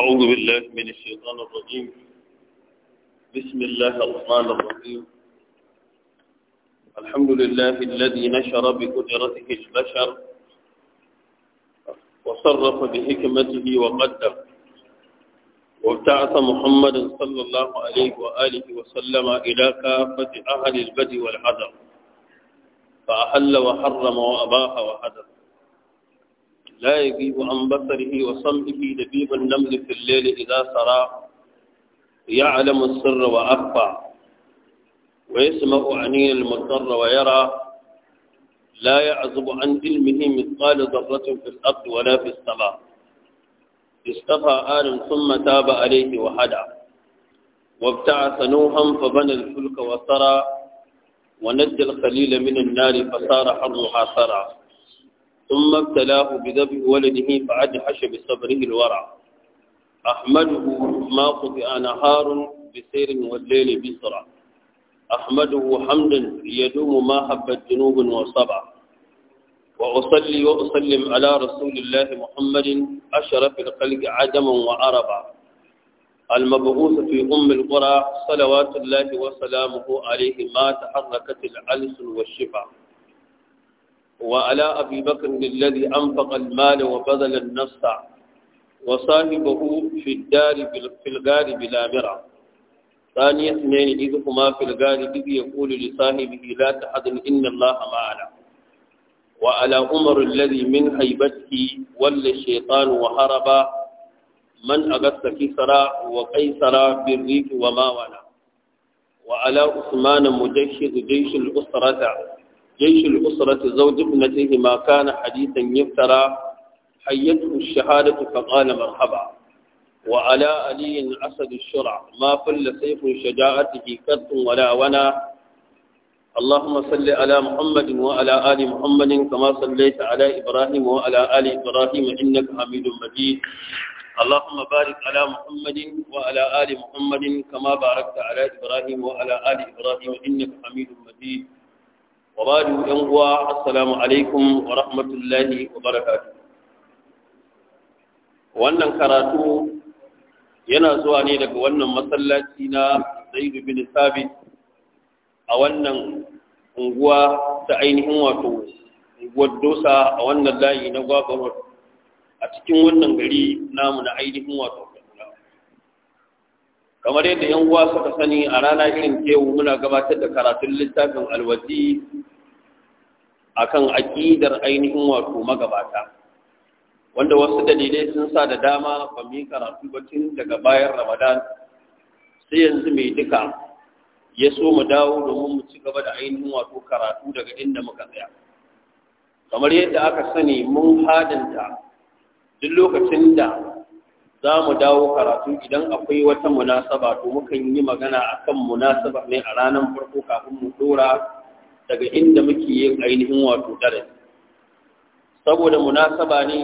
أعوذ بالله من الشيطان الرجيم بسم الله الرحمن الرحيم الحمد لله الذي نشر بقدرته البشر وصرف بحكمته وقدر وابتعث محمدا صلى الله عليه وآله وسلم إلى كافة أهل البدء والحذر فأحل وحرم وأباح وحذر لا يغيب عن بصره وصمته لبيب النمل في الليل إذا سرى يعلم السر وأخفى ويسمع عنين المضطر ويرى لا يعزب عن علمه مثقال ذرة في الأرض ولا في السماء اصطفى آل ثم تاب عليه وهدى وابتعث نوحا فبنى الفلك وسرى ونجى الخليل من النار فصار حرها سرى ثم ابتلاه بذبح ولده فأجحش بصبره الورع أحمده ما قطع نهار بسير والليل بسرع أحمده حمدا يدوم ما حبت جنوب وصبع وأصلي وأسلم على رسول الله محمد أشرف الخلق عدما وأربع المبعوث في أم القرى صلوات الله وسلامه عليه ما تحركت الألسن والشفع وعلى أبي بكر الذي أنفق المال وبذل النفس وصاحبه في الدار في الغار بلا مرة ثاني اثنين إذ هما في الغار إذ يقول لصاحبه لا تحزن إن الله معنا وعلى عمر الذي من هيبته ولى الشيطان وهرب من أغث كسرى وقيصر بالريف وما ولا وعلى عثمان مجشد جيش الأسرة جيش الأسرة زوج ابنتهما كان حديثا يفترى حيته الشهادة فقال مرحبا وعلى علي أسد الشرع ما فل سيف شجاعته كرت ولا ونا اللهم صل على محمد وعلى آل محمد كما صليت على إبراهيم وعلى آل إبراهيم إنك حميد مجيد اللهم بارك على محمد وعلى آل محمد كما باركت على إبراهيم وعلى آل إبراهيم إنك حميد مجيد uwa, ينقوى السلام عليكم rahmatullahi الله وبركاته wannan karatu yana zuwa ne daga wannan masallaci na zaidu bin sabit a wannan unguwa ta ainihin wato unguwar dosa a wannan layi na gwabarwar a cikin wannan gari namu na ainihin wato kamar yadda yan uwa suka sani a rana irin kewu muna gabatar da karatun littafin alwazi akan aƙidar ainihin wato magabata wanda wasu dalilai sun sa da dama ba mu yi karatu ba tun daga bayan ramadan sai yanzu mai duka ya so mu dawo domin mu ci gaba da ainihin wato karatu daga inda muka tsaya kamar yadda aka sani mun hadanta duk lokacin da za mu dawo karatu idan akwai wata munasaba to mukan yi magana akan munasaba ne a ranar farko kafin mu dora daga inda muke yin ainihin wato darasi saboda munasaba ne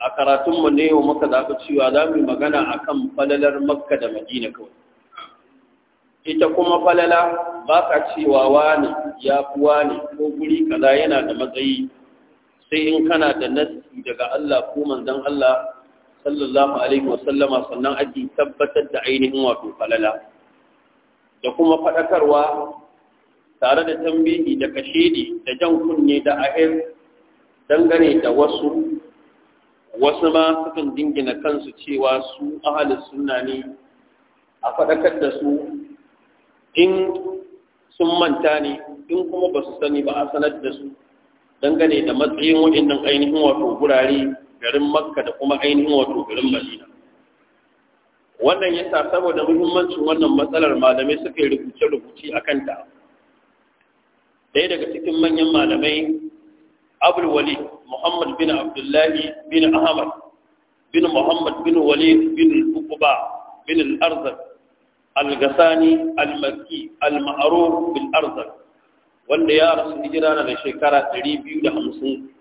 a karatunmu ne wa muka zaɓi cewa za mu yi magana akan falalar makka da madina kawai ita kuma falala ba ka cewa wani ya fi wani ko guri kaza yana da matsayi sai in kana da naski daga Allah ko manzon Allah sallallahu alaihi wasallama sannan ake tabbatar da ainihin wato falala da kuma faɗakarwa tare da tambayi da kashedi da jan kunne da ahir dangane da wasu wasu ma sukan dingina kansu cewa su ahalin sunna ne a faɗakar da su in sun manta ne in kuma ba su sani ba a sanar da su dangane da matsayin waɗannan ainihin wato gurare garin makka da kuma ainihin wato garin madina wannan yasa saboda muhimmancin wannan matsalar malamai suka yi rubuce-rubuce a kanta ɗaya daga cikin manyan malamai abul wali muhammad bin abdullahi bin ahmad bin muhammad bin wali bin ukuba bin al'arzak al-gasani al-maki al-ma'aruf bil arzak wanda ya rasu hijira na da shekara 250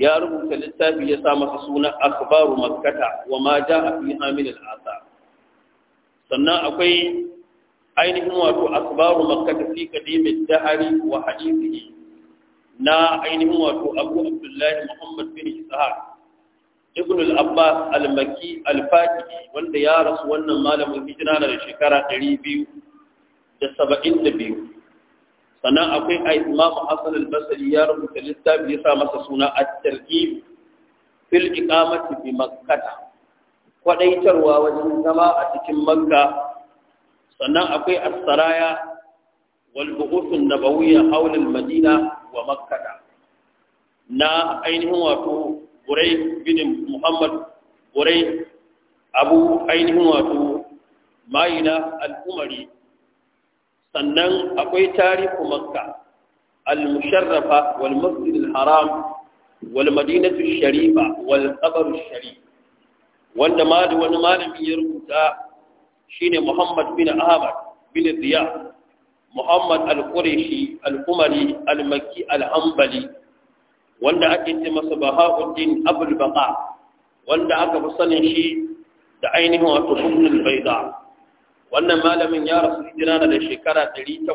ya rubuta littafi ya sa masa suna akhbaru makkata wa ma jaa fi hamil sannan akwai ainihin wato akbaru makkata fi qadim dahari wa hadithihi na ainihin wato Abu Abdullahi Muhammad bin Ishaq ibn al-Abbas al-Makki al wanda ya rasu wannan malamin hijira da shekara 272 sannan akwai a imamu hassan al-basri ya rubuta littafi ya sa masa suna a tarki fil iqamati bi makkata. kwadaitarwa wajen zama a cikin makka sannan akwai as-saraya wal buhutun nabawiyya hawl al-madina wa makkata. na ainihin wato burai bin muhammad burai abu ainihin wato mayina al-umari sannan akwai tarihu makka al-musharrafa wal masjid al-haram wal madinatu sharifa wal qabr sharif wanda ma da wani malami ya rubuta shine Muhammad bin Ahmad bin Ziya Muhammad al qurashi al-Umari al-Makki al-Hanbali wanda ake ce masa Bahauddin Abul Baqa wanda aka fi sanin shi da ainihin wato Ibn al wannan malamin ya rasu hijira da shekara 800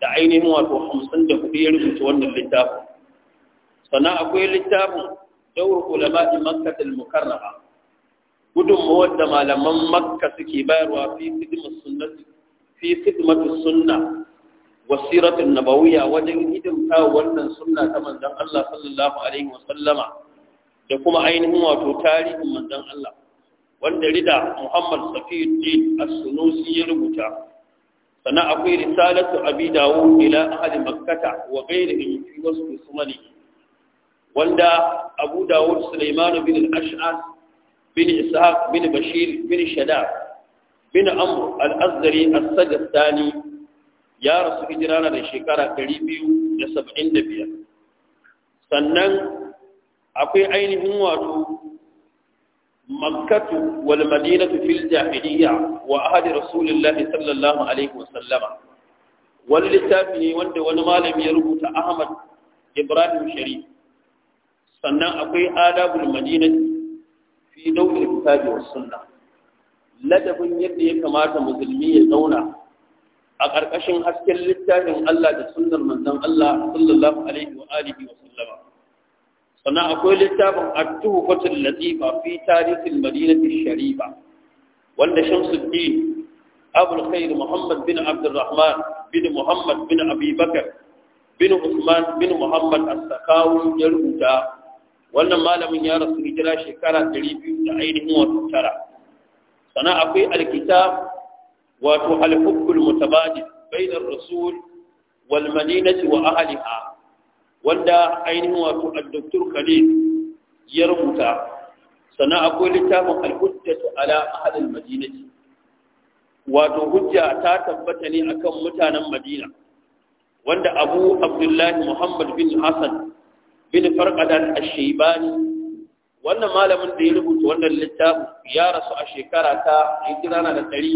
da ainihin wato da 54 ya rubuta wannan littafin sannan akwai littafin dawar ulama'i makkatul mukarrama gudunmawar da malaman makka suke bayarwa fi sidmatu sunna wasiratun nabawiya wajen hidimta wannan sunna ta manzon Allah sallallahu alaihi wasallama da kuma ainihin wato tarihin manzon Allah wanda rida muhammad safiyuddin as-sunusi ya rubuta sannan akwai risalatu abi dawud ila ahli makkata wa ghayrihim fi wasf sumani wanda abu dawud sulaiman bin al-ash'as bin ishaq bin bashir bin shada, bin amr al-azhari as ya rasu hijira da shekara 275 sannan akwai ainihin wato مكة والمدينة في الجاهلية وأهد رسول الله صلى الله عليه وسلم واللتافي وند ونمالم يربط أحمد إبراهيم شريف sannan akwai adabul madina fi dawil kitabi wa sunna ladabin yadda ya kamata musulmi ya zauna a ƙarƙashin hasken littafin Allah da sunnar manzon Allah sallallahu alaihi wa alihi wa sallama sannan akwai littafin at-tuhfatul latifa fi tarihil madinati sharifa wanda shamsuddin abul khair muhammad bin abdurrahman bin muhammad bin abi bin usman bin muhammad as-sakawi ya rubuta wannan malamin ya rasu hijira shekara 200 da ainihin wata tara sannan akwai alkitab wato al-hubbul mutabadil bainar rasul wal madinati wa ahliha wanda ainihin wato al-doktor khalil ya rubuta sannan akwai littafin al-hujjatu ala ahli al-madinati wato hujja ta tabbata ne akan mutanen madina wanda abu abdullahi muhammad bin hassan bin farqadan ash-shaybani wannan malamin da ya rubuta wannan littafin ya rasu a shekara ta hijirana da ɗari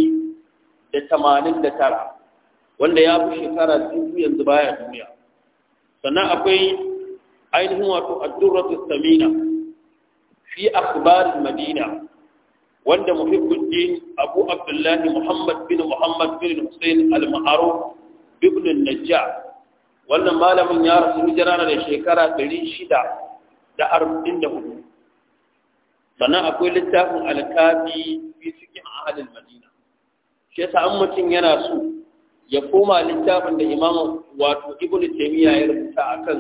da tamanin da tara wanda ya fi shekara dubu yanzu baya duniya sannan akwai ainihin wato addurratu samina fi akhbar madina wanda muhibbuddin abu Abdullahi muhammad bin muhammad bin husain al-ma'ruf ibn Najja, wannan malamin ya rasu hijira da shekara 644 sannan akwai littafin alkafi fi cikin ahalin madina shi yasa an mutum yana so ya koma littafin da imamu wato ibn taymiya ya rubuta akan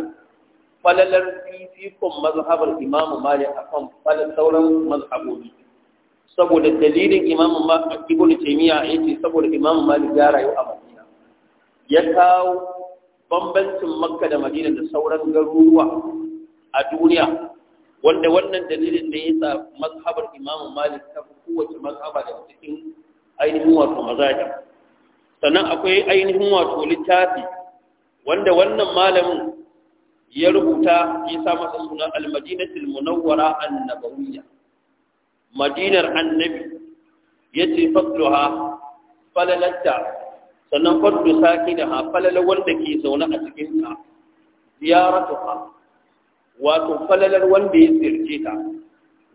falalar fifikon mazhabar imamu malik akan falal sauran mazhabobi saboda dalilin imamu ibn taymiya yace saboda imamu malik ya rayu a madina ya kawo bambancin makka da madina da sauran garuruwa a duniya wanda wannan dalilin da ya mazhabar imamu malik ta fi kowace mazhaba da cikin ainihin wato mazhabar sannan akwai ainihin wato littafi wanda wannan malamin ya rubuta ya sa masa suna almadinatul munawwara annabawiyya madinar annabi yace fadluha falalatta sannan fadlu sakinaha falala wanda ke zaune a cikin ta ziyaratuha wato falalar wanda ya ziyarce ta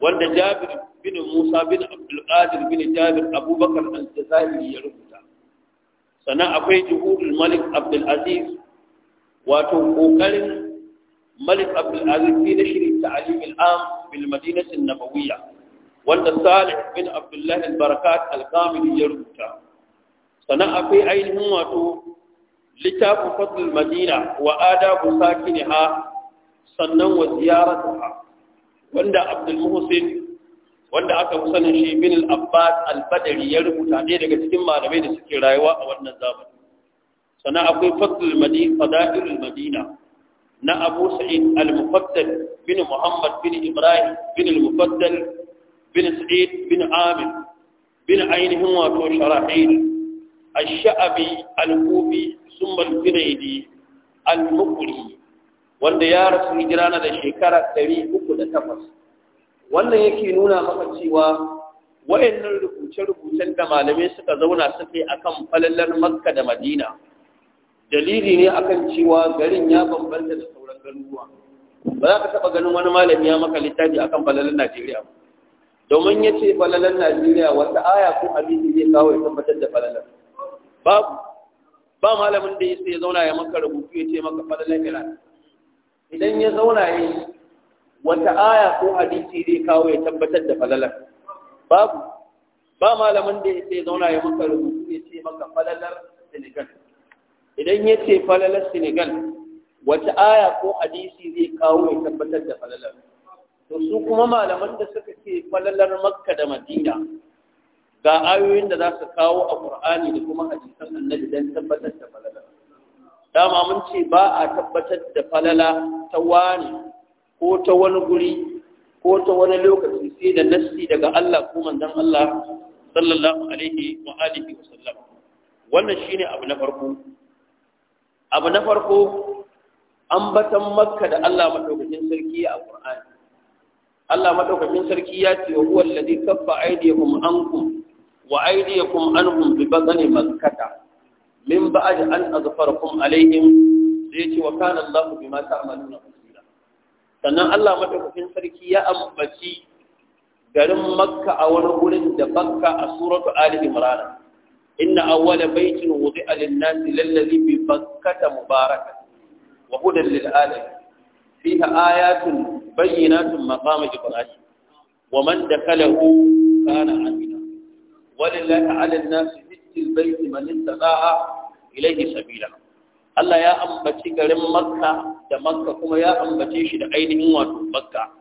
wanda Jabir bin Musa bin Abdul Qadir bin Jabir Abubakar al-Jazairi ya rubuta sannan akwai juhudul malik abdulaziz wato ƙoƙarin malik abdulaziz fi da shirin ta'alim al'am bil madinatin nabawiyya wanda salih bin abdullahi albarakat alkamili ya rubuta sannan akwai ainihin wato littafin fadlul madina wa adabu sakiniha sannan wa ziyaratuha wanda abdul muhsin wanda aka fi sanin shi bin al-abbas al-badari ya rubuta ɗaya daga cikin malamai da suke rayuwa a wannan zamani sannan akwai fadlul madina fadailul madina na abu sa'id al-mufaddal bin muhammad bin ibrahim bin al-mufaddal bin sa'id bin amir bin ainihin wato sharahil الشعبي الكوفي ثم الجنيدي المقري wanda ya rasu hijirana da shekara 308 wannan yake nuna maka cewa wayannan rubuce-rubucen da malamai suka zauna suke yi akan falallar makka da madina dalili ne akan cewa garin ya bambanta da sauran garuruwa ba za ka taɓa ganin wani malami ya maka littafi akan falallar najeriya ba domin ya ce falalar najeriya wata aya ko hadisi zai kawo ya tabbatar da falalar babu ba malamin da ya zauna ya maka rubutu ya ce maka falalar iran idan ya zauna ya wata aya ko hadisi zai kawo ya tabbatar da falalar babu ba malamin da ya ce zauna ya maka rubutu ya ce maka falalar Senegal idan ya ce falalar Senegal wata aya ko hadisi zai kawo ya tabbatar da falalar to su kuma malaman da suka ce falalar Makka da Madina ga ayoyin da za su kawo a Qur'ani da kuma hadisan Annabi dan tabbatar da falalar dama mun ce ba a tabbatar da falala ta wani ko ta wani guri ko ta wani lokaci sai da nassi daga Allah ko manzon Allah sallallahu alaihi wa alihi wa sallam wannan shine abu na farko abu na farko ambatan makka da Allah madaukakin sarki a Qur'ani Allah madaukakin sarki ya ce wa huwa alladhi kaffa aydiyakum ankum wa aydiyakum anhum bi badani makkata min ba'd an azfarakum alaihim sai ce wa kana Allah bima ta'maluna sannan Allah madaukakin sarki ya ambaci garin makka a wani wurin da bakka a suratu ali imran inna awwala baitin wudi'a lin-nasi lallazi bi bakkata mubarakan wa hudan lil-alamin fiha ayatun bayyinatun maqama ibrahim wa man dakalahu kana amina walillahi 'ala an-nasi hajjil baiti man istata'a ilayhi sabila Allah ya ambaci garin makka da makka kuma ya ambace shi da ainihin wato makka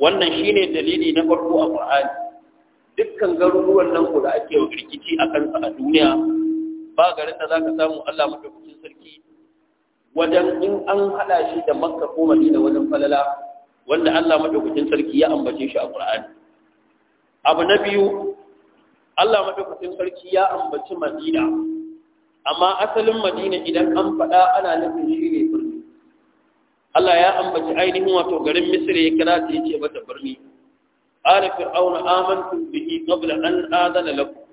wannan shine dalili na farko a qur'ani dukkan garuruwan nan ko da ake rikici a kansa a duniya ba garin da zaka samu Allah madaukakin sarki wajen in an hada shi da makka ko madina wajen falala wanda Allah madaukakin sarki ya ambace shi a qur'ani abu na biyu Allah madaukakin sarki ya ambaci madina amma asalin madina idan an faɗa ana nufin shi ne Allah ya ambaci ainihin wato garin Misr ya kira ta yace mata birni ala fir'auna amantu bihi qabla an adana lakum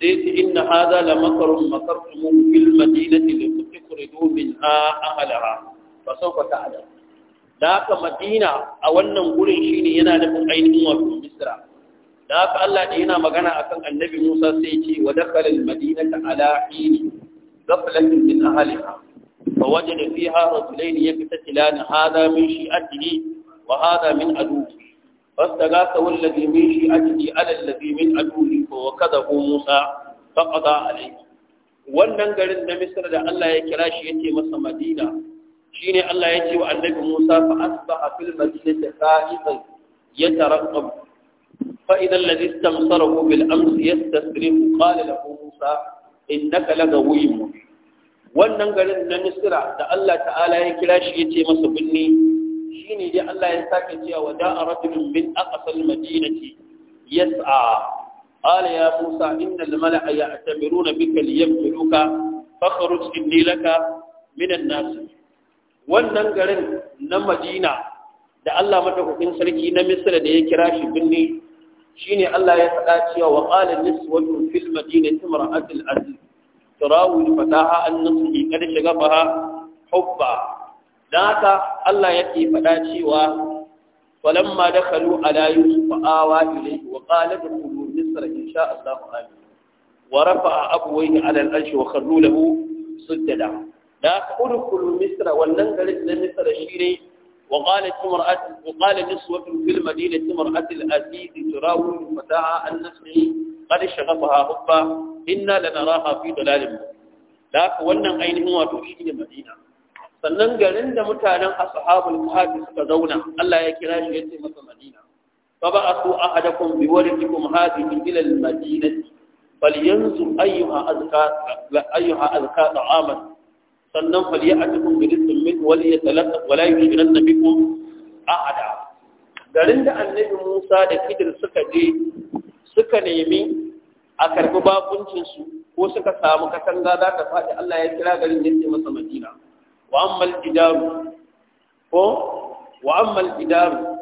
sai ce inna hadha la makrun makartum fil madinati li tukhridu minha ahlaha fa sawfa ta'lam da haka madina a wannan gurin shine yana nufin ainihin wato misra da haka Allah da yana magana akan annabi Musa sai ce wa dakhala al madinata ala hini ghaflatin min ahliha فوجد فيها رجلين يقتتلان هذا من شيعته وهذا من عدوه فاستغاثه الذي من شيعته على الذي من عدوه فوكذه موسى فقضى عليه wannan garin na Misir da Allah ya kira shi yace masa Madina shine Allah ce wa Annabi Musa fa asbaha fil madinati qa'idan yatarqab fa idan alladhi istamsarahu bil amsi yastasrifu qala lahu Musa innaka lagawiyyun wannan garin na Misra da Allah ta'ala ya kira shi ya ce masa binni ne dai Allah ya sake cewa wada'a rajulun min aqsal madinati yas'a قال يا موسى إن الملأ يعتبرون بك ليبتلوك فاخرج إني لك من الناس wannan garin na Madina da Allah madaukakin sarki na Misra da ya kira shi binni shine Allah ya faɗa cewa wa qala niswatun fil madinati imra'atul aziz turawu fataha an nafsihi kada shiga baha hubba dan haka Allah yake faɗa cewa walamma dakhalu ala yusuf awa ilayhi wa qala dukhulu misr in sha Allah amin wa rafa'a abwayhi ala al-arsh wa kharru lahu sujada da udkhulu misr wannan garin na misr shine wa qalat imra'at wa qala niswatun fil madinati imra'at al-aziz turawu fataha an qad shagafaha hubba inna lanaraha fi dalalin da haka wannan ainihin wato shine madina sannan garin da mutanen ashabul kahfi suka zauna Allah ya kira shi yace masa madina fa ba'athu ahadakum bi waridikum hadhihi ila al madinati falyanzur ayyuha azka ayyuha azka ta'aman sannan falyatukum bi rizqin min wal yatalaqqa wala yushrikanna bikum ahada garin da annabi Musa da Khidir suka je suka nemi a karbi bakuncinsu ko suka samu katanga za ta faɗi Allah ya kira garin ya ce masa madina wa ammal idaru ko wa ammal idaru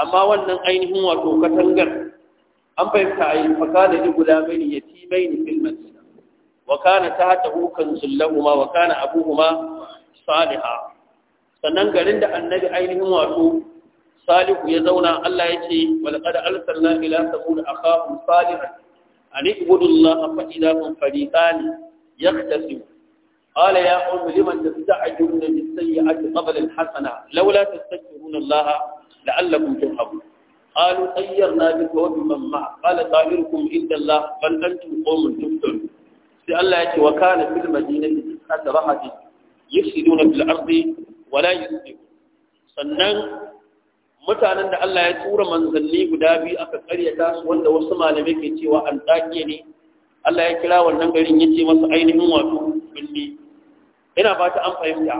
amma wannan ainihin wato katangar an fahimta a yi da ni guda mai yatimai ni fil madina wa kana ta hata hukan zullahuma wa kana abuhuma saliha sannan garin da annabi ainihin wato salihu ya zauna Allah ya ce walqad arsalna ila samud akhahum salihan an ibudu Allah fa idza hum fariqan yaqtasim قال يا قوم لمن تستعجلون بالسيئة قبل الحسنة لولا تستكبرون الله لعلكم ترحمون قالوا طيرنا بك وبمن معك قال طائركم عند الله بل أنتم قوم تفتنون sai Allah ya ce wa kana fil madinati qad rahati yufsiduna fil ardi wa wala yuslihu sannan mutanen da Allah ya tura manzanni guda biyu aka karyata su wanda wasu malamai ke cewa an ɗake ne Allah ya kira wannan garin ya ce masa ainihin wato bindi ina ta an fahimta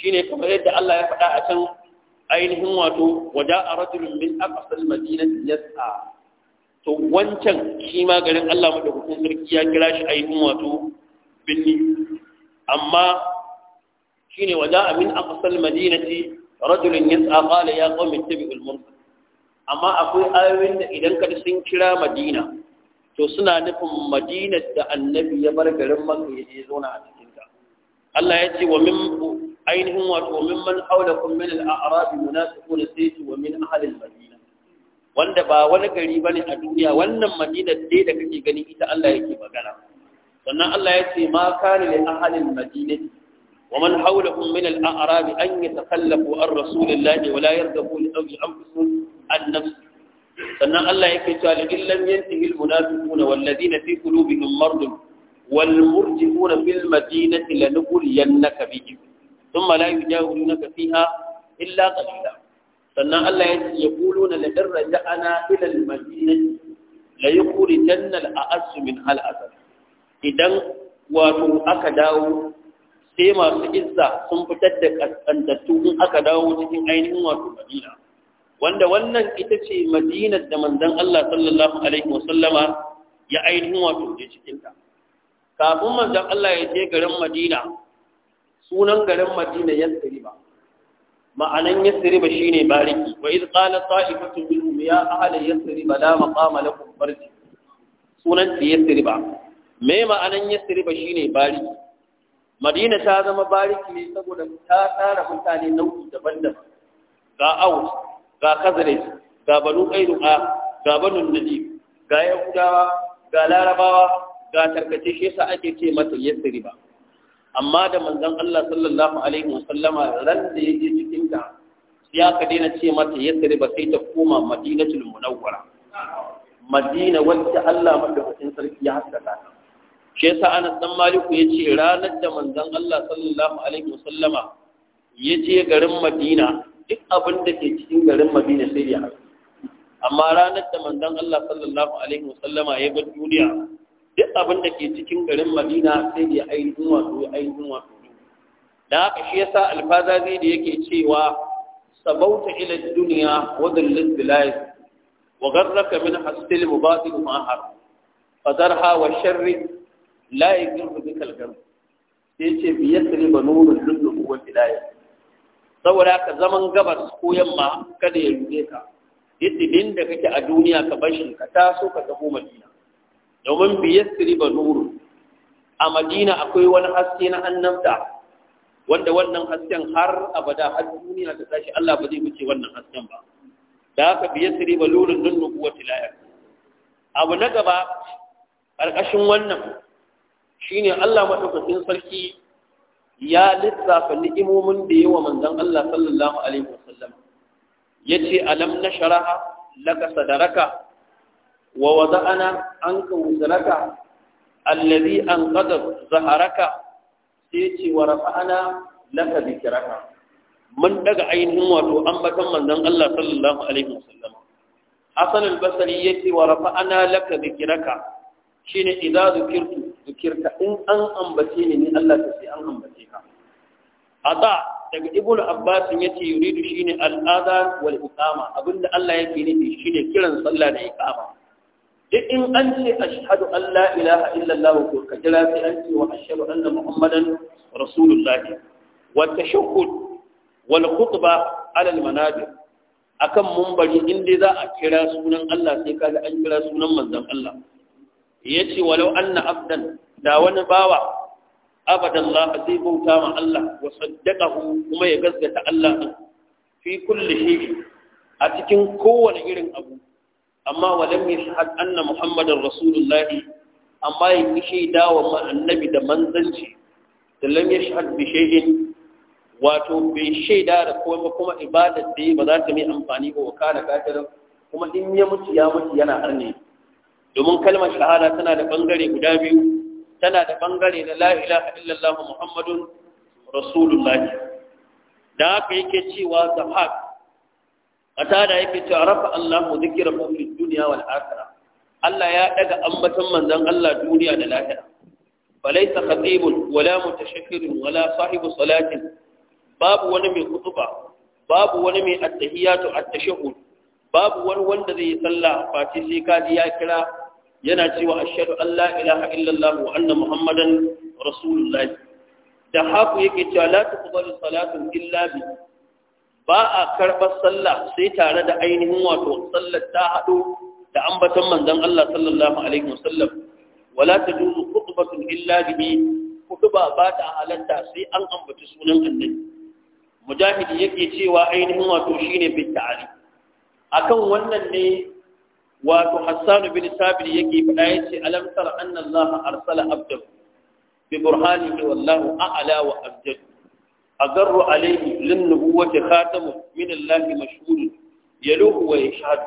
shine kamar yadda Allah ya faɗa a can ainihin wato waja a rajulun min aqsal madinati yas'a to wancan shi ma garin Allah hukun sarki ya kira shi ainihin wato bindi amma shine waja min aqsal madinati rajulun yas'a qala ya qaumi ittabi'ul mursal amma akwai ayoyin da idan ka sun kira Madina to suna nufin Madinar da Annabi ya bar garin Makka ya je zauna a cikin ta Allah ya ce wa min ainihin wato min man haulakum min al-a'rab munafiquna sayti wa min ahli al-madina wanda ba wani gari bane a duniya wannan Madina dai da kake gani ita Allah yake magana sannan Allah ya ce ma kana li ahli al-madinati ومن حولهم من الأعراب أن يتخلفوا عن رسول الله ولا يرغبوا لأوج أنفسهم عن نفسه سنة الله يكتال إن لم ينتهي المنافقون والذين في قلوبهم مرض والمرجفون في المدينة لنبلينك بهم ثم لا يجاورونك فيها إلا قليلا سنة الله يقولون لئن رجعنا إلى المدينة ليخرجن الأأس منها الأسد إذا wato aka dawo sai masu izza sun fitar da kaskantattu in aka dawo cikin ainihin wato madina wanda wannan ita ce madinar da manzon Allah sallallahu alaihi wasallama ya ainihin wato je cikin ta kafin manzon Allah ya je garin Madina sunan garin Madina Yasriba ma'anan ya Yasriba shine bariki wa iz qala ta'ifatu minhum ya ahli Yasriba la maqama lakum farji sunan ya Yasriba me ma'anan ya Yasriba shine bariki madina ta zama bariki ne saboda ta tara mutane nau'i daban-daban ga aus ga khazraj ga banu qainuqa ga banu najib ga yahudawa ga larabawa ga tarkace shi ake ce mata yasriba amma da manzon Allah sallallahu alaihi wasallama ran da yake cikin ta ya ka daina ce mata yasriba sai ta koma madinatul munawwara madina wanda Allah madaukakin sarki ya haskaka ta shi yasa Anas dan Maliku yace ranar da manzon Allah sallallahu alaihi wasallama yace garin Madina duk abin da ke cikin garin Madina sai ya haɗu amma ranar da manzon Allah sallallahu alaihi wasallama ya ga duniya duk abin da ke cikin garin Madina sai ya ainihin wato ya ainihin wato da haka shi yasa zai da yake cewa sabauta ila duniya wa dhillat bilayt wa gharraka min hasil mubatil ma'har fadarha wa sharri la yagirbu bikal gam sai ce bi yasri ba nurul lullu wa bidaya saboda ka zaman gabas ko yamma kada ya rude ka yadda da kake a duniya ka bashi ka taso ka tafi madina domin bi yasri ba nurul a madina akwai wani haske na annabta wanda wannan hasken har abada har duniya ta tashi Allah ba zai wuce wannan hasken ba da haka biye siri ba lurin dun nubuwa tilayar abu na gaba ƙarƙashin wannan shine Allah madaukakin sarki ya lissafa ni'imomin da yawa manzon Allah sallallahu alaihi wasallam yace alam nasharaha laka sadaraka wa wada'ana anka wuzraka alladhi anqadha zaharaka sai ce wa rafa'ana laka dhikraka mun daga ainihin wato ambatan manzon Allah sallallahu alaihi wasallam Hasan al-Basri yace wa rafa'ana laka dhikraka shine idza dhukirtu zikirka in an ambace ni ni Allah ta sai an ambace ka da, daga ibnu abbas ya ce yuridu shine al'ada adhan wal iqama abinda Allah yake nufi shine kiran sallah da iqama duk in an ce ashhadu an la ilaha illallah ko ka jira sai an ce wa ashhadu anna muhammadan rasulullah wa tashahhud wal khutba ala al manabir akan mumbari in dai za a kira sunan Allah sai kaga an kira sunan manzon Allah yace walau anna abdan da wani bawa abadallah zai bauta ma Allah wa saddaqahu kuma ya gaskata Allah fi kulli shay a cikin kowane irin abu amma walam yashhad anna muhammadar rasulullahi amma ya yi shaida wa annabi da manzanci da lam yashhad bi shay'in wato bai shaida da kuma, kuma ibadar da ba za ta mai amfani ba wa kana kafirin kuma in ya mutu ya mutu yana arne domin kalmar shahada tana da bangare guda biyu tana da bangare na la ilaha illallah muhammadun rasulullah da haka yake cewa zahaq qatada yake cewa rafa allahu dhikrahu fid duniya wal akhirah Allah ya daga ambaton manzon Allah duniya da lahira falaysa khatibun wala mutashahhirun wala sahibu salatin babu wani mai kutuba babu wani mai attahiyatu at-tashahhud babu wani wanda zai yi sallah face sai kaji ya kira yana cewa ashhadu an la ilaha illallah wa anna muhammadan rasulullahi da haku yake cewa la tuqbalu salatun illa bi ba a karɓar sallah sai tare da ainihin wato sallar ta haɗo da ambaton manzon Allah sallallahu alaihi wasallam wala tajuzu khutbatun illa bi khutba ba ta halatta sai an ambaci sunan annabi mujahidi yake cewa ainihin wato shine bi ta'ali akan wannan ne wato hassan bin sabir yake faɗa yace alam tara anna allaha arsala abdahu bi burhanihi wallahu a'la wa abjad agarru alayhi lin nubuwati khatamu min allahi mashhur yaluhu wa yashhad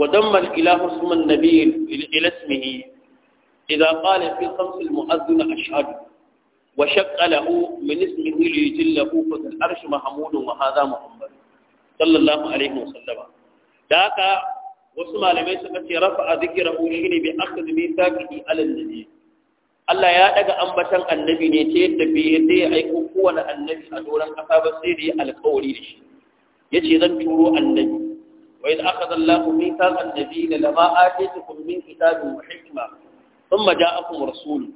wa damma al-ilahu isma an-nabiy ila ismihi idha qala fi khams al-mu'adhdhin ashhadu wa shaqqa lahu min ismihi li yujillahu fa al-arsh mahmudun wa hadha muhammad sallallahu alayhi wa sallama da haka wasu malamai suka ce rafa a zikirahu shi ne bai aka zubi sakiki alal Allah ya daga ambatan annabi ne ta yadda bai yadda ya aiko kowane annabi a doron ƙasa ba sai da ya alƙawari da shi ya ce zan turo annabi wa idh akhadha da mithaqa an-nabiyina lama atitukum min kitabin wa hikma thumma ja'akum rasulun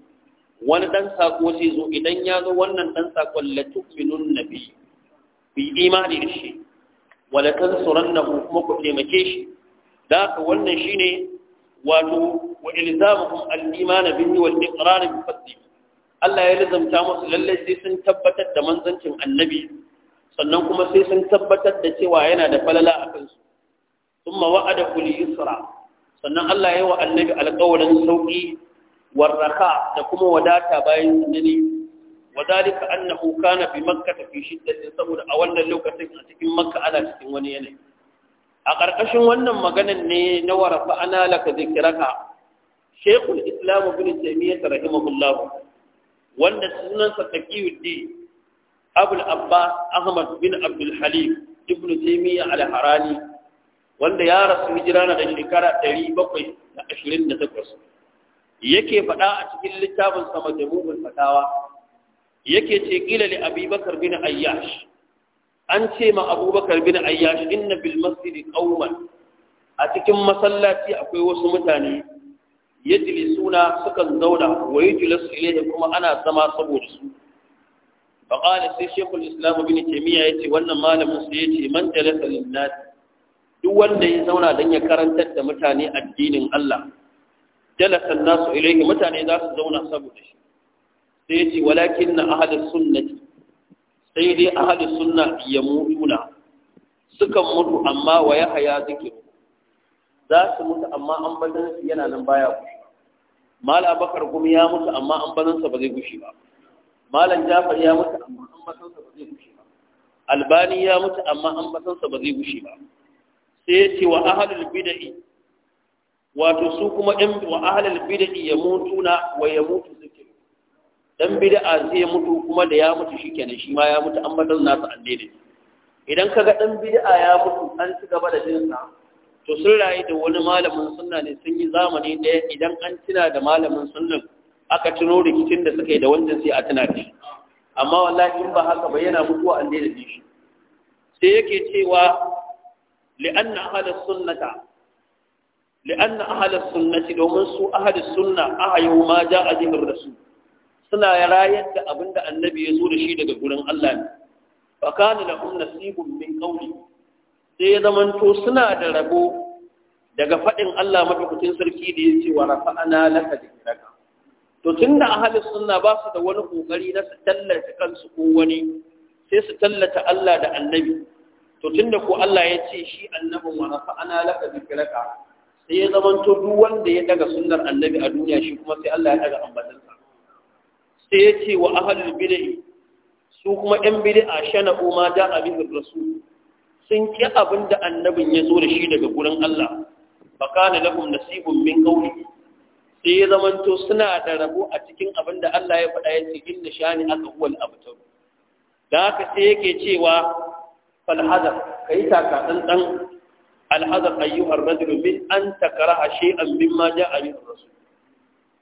wani dan sako sai zo idan ya zo wannan dan sakon la tu'minun nabi bi imani da shi wala tansurannahu kuma ku taimake shi da haka wannan shine wato wa ilzamuhum al-iman bihi wal iqrar bi fadli Allah ya lazamta musu lalle sai sun tabbatar da manzancin annabi sannan kuma sai sun tabbatar da cewa yana da falala a kansu thumma wa'ada kul yusra sannan Allah ya wa annabi alƙawarin sauki warraka da kuma wadata bayan sunani wadalika annahu kana bi makkah fi saboda a wannan lokacin a cikin makka ana cikin wani yanayi a ƙarƙashin wannan maganan ne na warafa ana laka zikiraka shekul islam ibn taymiyyah rahimahullah wanda sunansa taqiyuddin abul abbas ahmad bin abdul halim ibn taymiyyah al-harani wanda ya rasu hijira na da shekara 728 yake faɗa a cikin littafin sa majmu'ul fatawa yake ce kila li abubakar bin ayyash an ce ma abubakar bin Ayyashi inna bil masjidi qauman a cikin masallaci akwai wasu mutane yajlisuna sukan zauna wa yajlisu ilayhi kuma ana zama saboda su fa qala sai shaykhul islam bin taymiya yace wannan malamin sai yace man jalasa lin nas duk wanda ya zauna dan ya karantar da mutane addinin Allah jalasa an-nasu ilayhi mutane za su zauna saboda shi sai yace walakin ahadus sunnati sai dai ahli sunna ya mutuna sukan mutu amma wa yahya zikiru za su mutu amma an bazan yana nan baya gushi mal Bakar kuma ya mutu amma an bazan ba zai gushi ba malam jafar ya mutu amma an bazan ba zai gushi ba albani ya mutu amma an bazan ba zai gushi ba sai ya ce wa ahlul bid'i wato su kuma ɗan wa ahlul bid'i ya mutuna wa ya mutu zikiru dan bid'a sai ya mutu kuma da ya mutu shikenan shi ma ya mutu an madal nasu addini idan kaga dan bid'a ya mutu an ci gaba da jinsa to sun rayu da wani malamin sunna ne sun yi zamani ɗaya idan an tuna da malamin sunnan aka tuno rikicin da suka yi da wancan sai a tuna da shi amma wallahi in ba haka ba yana mutuwa an da shi sai yake cewa لأن أهل السنة لأن أهل السنة لو من سوء أهل السنة أعيوا ما جاء به الرسول suna rayar da abin da annabi ya zo da shi daga gurin Allah ne fa kana lahum nasibun min qawli sai ya zamanto suna da rabo daga fadin Allah madaukakin sarki da ya ce wa rafa'ana laka dhikraka to tunda ahlus sunna ba su da wani kokari na su tallata kansu ko wani sai su tallata Allah da annabi to tunda ko Allah ya ce shi annabin wa rafa'ana laka dhikraka sai ya zamanto duk wanda ya daga sunnar annabi a duniya shi kuma sai Allah ya daga ambatansa sai ya ce wa ahalul bida'i su kuma yan bid'a shana ma da abin rasul sun ƙi abin da annabin ya zo da shi daga gurin Allah ka na lahum nasibun min ƙauni sai ya zamanto suna da rabo a cikin abin da Allah ya faɗa ya da sha shani aka huwal abutar da haka sai yake cewa falhazar ka yi taka tsantsan ayyuhar min an takraha shay'an mimma ja'a rasul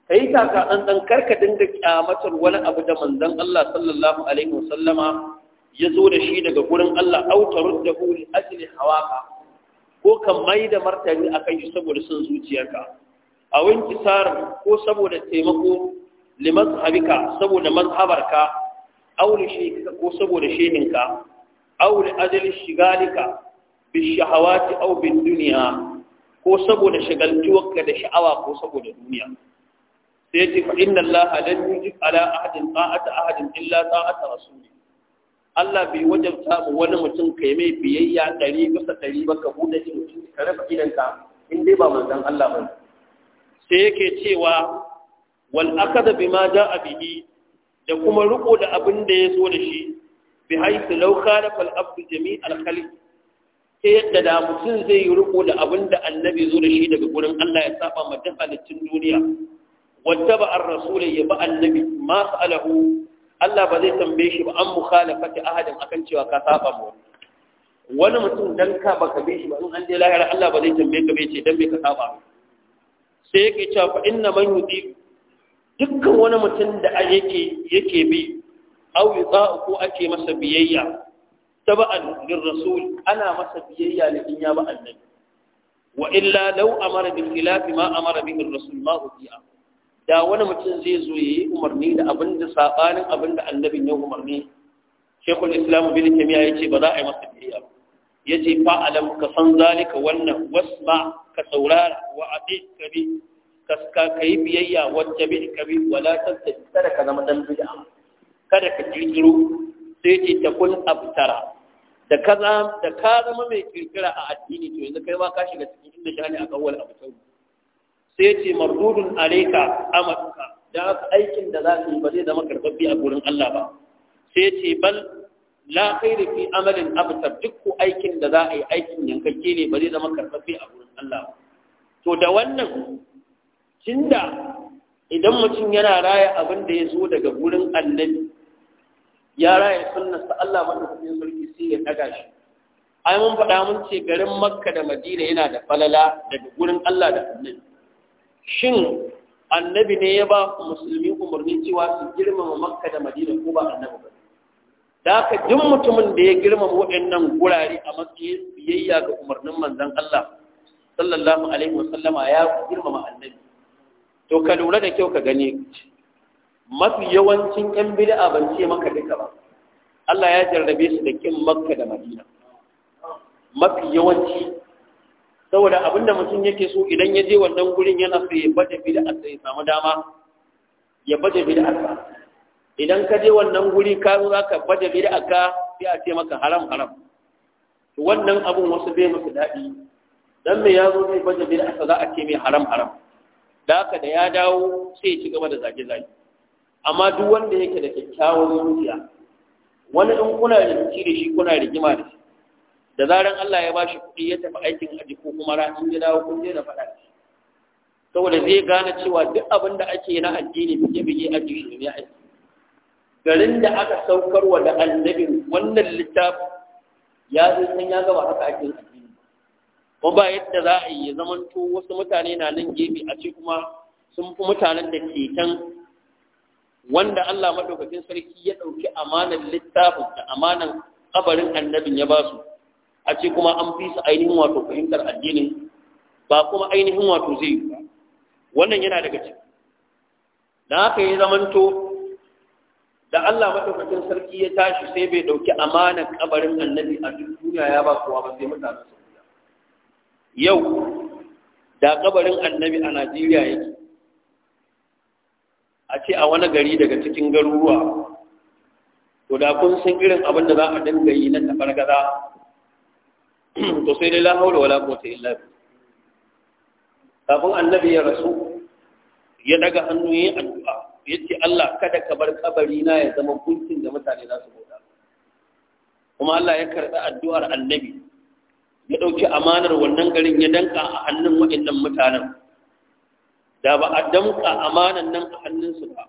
ka yi taka kar karka dinga kyamatar wani abu da manzon Allah sallallahu alaihi wasallama ya zo da shi daga gurin Allah autarud da huli ajli hawaka ko kan mai da martani akan shi saboda son zuciyarka a wanki sarar ko saboda taimako liman habika saboda mazhabarka auli shi ko saboda shehinka auli ajali shigalika bi shahawati aw bin duniya ko saboda shagaltuwarka da sha'awa ko saboda duniya sai ce fa inna Allah lan yujib ala ahadin ta'ata ahadin illa ta'ata rasuli Allah bai wajabta ba wani mutum kai mai biyayya ɗari bisa ɗari ba ka buɗe shi mutum ka rufe idanka in dai ba manzon Allah ba sai yake cewa wal akada bima ja'a bihi da kuma riko da abin da ya zo da shi bi haythu law kana fal abdu jami' al khaliq sai yadda da mutum zai yi riko da abin da annabi zo da shi daga gurin Allah ya saba ma duk halittun duniya wattaba ar-rasul ya ba annabi ma sa'alahu Allah ba zai tambaye shi ba an mukhalafati ahadin akan cewa ka saba mu wani mutum dan ka baka bi shi ba in an je lahira Allah ba zai tambaye ka bai ce dan me ka saba sai yake cewa fa inna man yudi dukkan wani mutum da yake yake bi aw yuta ko ake masa biyayya taba'an lirrasul ana masa biyayya ne in ya ba annabi wa illa law amara bil khilaf ma amara bihi ar-rasul ma ubi'a da wani mutum zai zo ya yi umarni da abin da saɓanin abin da annabin ya umarni shekul islam bin kimiyya ya ce ba za a yi masa biyayya ba ya ce fa'alam ka san zalika wannan wasma ka saurara wa abi ka bi ka yi biyayya wacce bi ka bi wala tattabi kada ka zama dan bid'a kada ka kirkiro sai ce ta kun abtara da ka zama mai kirkira a addini to yanzu kai ma ka shiga cikin inda shani a kawwal abu tauri sai ce mardudun alaika amaka da aikin da za ka yi ba zai zama karfafi a gurin Allah ba sai ce bal la khairu fi amalin abtar duk aikin da za a yi aikin yankakke ne ba zai zama karfafi a gurin Allah ba to da wannan tunda idan mutum yana raya abin da ya zo daga gurin annabi ya raya sa Allah madaukakin sarki sai ya daga shi ai mun faɗa mun ce garin makka da madina yana da falala daga gurin Allah da annabi shin annabi ne ya ba musulmi umarni cewa su girmama makka da madina ko ba annabi ba da haka duk mutumin da ya girmama waɗannan gurare a matsayin biyayya ga umarnin manzon Allah sallallahu alaihi wasallama ya girmama annabi to ka lura da kyau ka gani mafi yawancin ƴan bid'a ban ce maka duka ba Allah ya jarrabe su da kin makka da madina mafi yawanci saboda abinda mutum yake so idan ya je wannan gurin yana so ya bada bid'a sai ya samu dama ya bada bid'a idan ka je wannan guri ka zo zaka bada bid'a ka sai a ce maka haram haram to wannan abun wasu bai maka dadi dan me yazo zai bada bid'a za a ce mai haram haram da haka da ya dawo sai ya ci gaba da zage zage amma duk wanda yake da kyakkyawar zuciya wani in kuna rikici da shi kuna rigima da shi da zaran Allah ya bashi kuɗi ya tafi aikin haji ko kuma ra'ayin gida dawo kun je da faɗa saboda zai gane cewa duk abin da ake na addini bige bige a cikin duniya ai garin da aka saukar wa da annabin wannan littafi ya zo san ya gaba haka ake addini ko ba yadda za a yi zaman zamanto wasu mutane na nan gefe a ce kuma sun fi mutanen da ke can wanda Allah madaukakin sarki ya ɗauki amanan littafin da amanan kabarin annabin ya ba su a ce kuma an fi su ainihin wato fahimtar addinin ba kuma ainihin wato zai yi wannan yana daga ciki da haka ya zamanto da Allah madaukakin sarki ya tashi sai bai dauki amana kabarin annabi a duk duniya ya ba kowa ba sai mutanen Saudiya yau da kabarin annabi a Najeriya yake a ce a wani gari daga cikin garuruwa to da kun san irin abin da za a dinga yi na tafargaza to sai dai la haula wala quwwata illa billah kafin annabi ya rasu ya daga hannu yayin addu'a yace Allah kada ka bar kabari na ya zama gunkin da mutane za su bauta kuma Allah ya karɓi addu'ar annabi ya ɗauki amanar wannan garin ya danka a hannun waɗannan mutanen da ba a damka amanan nan a hannunsu ba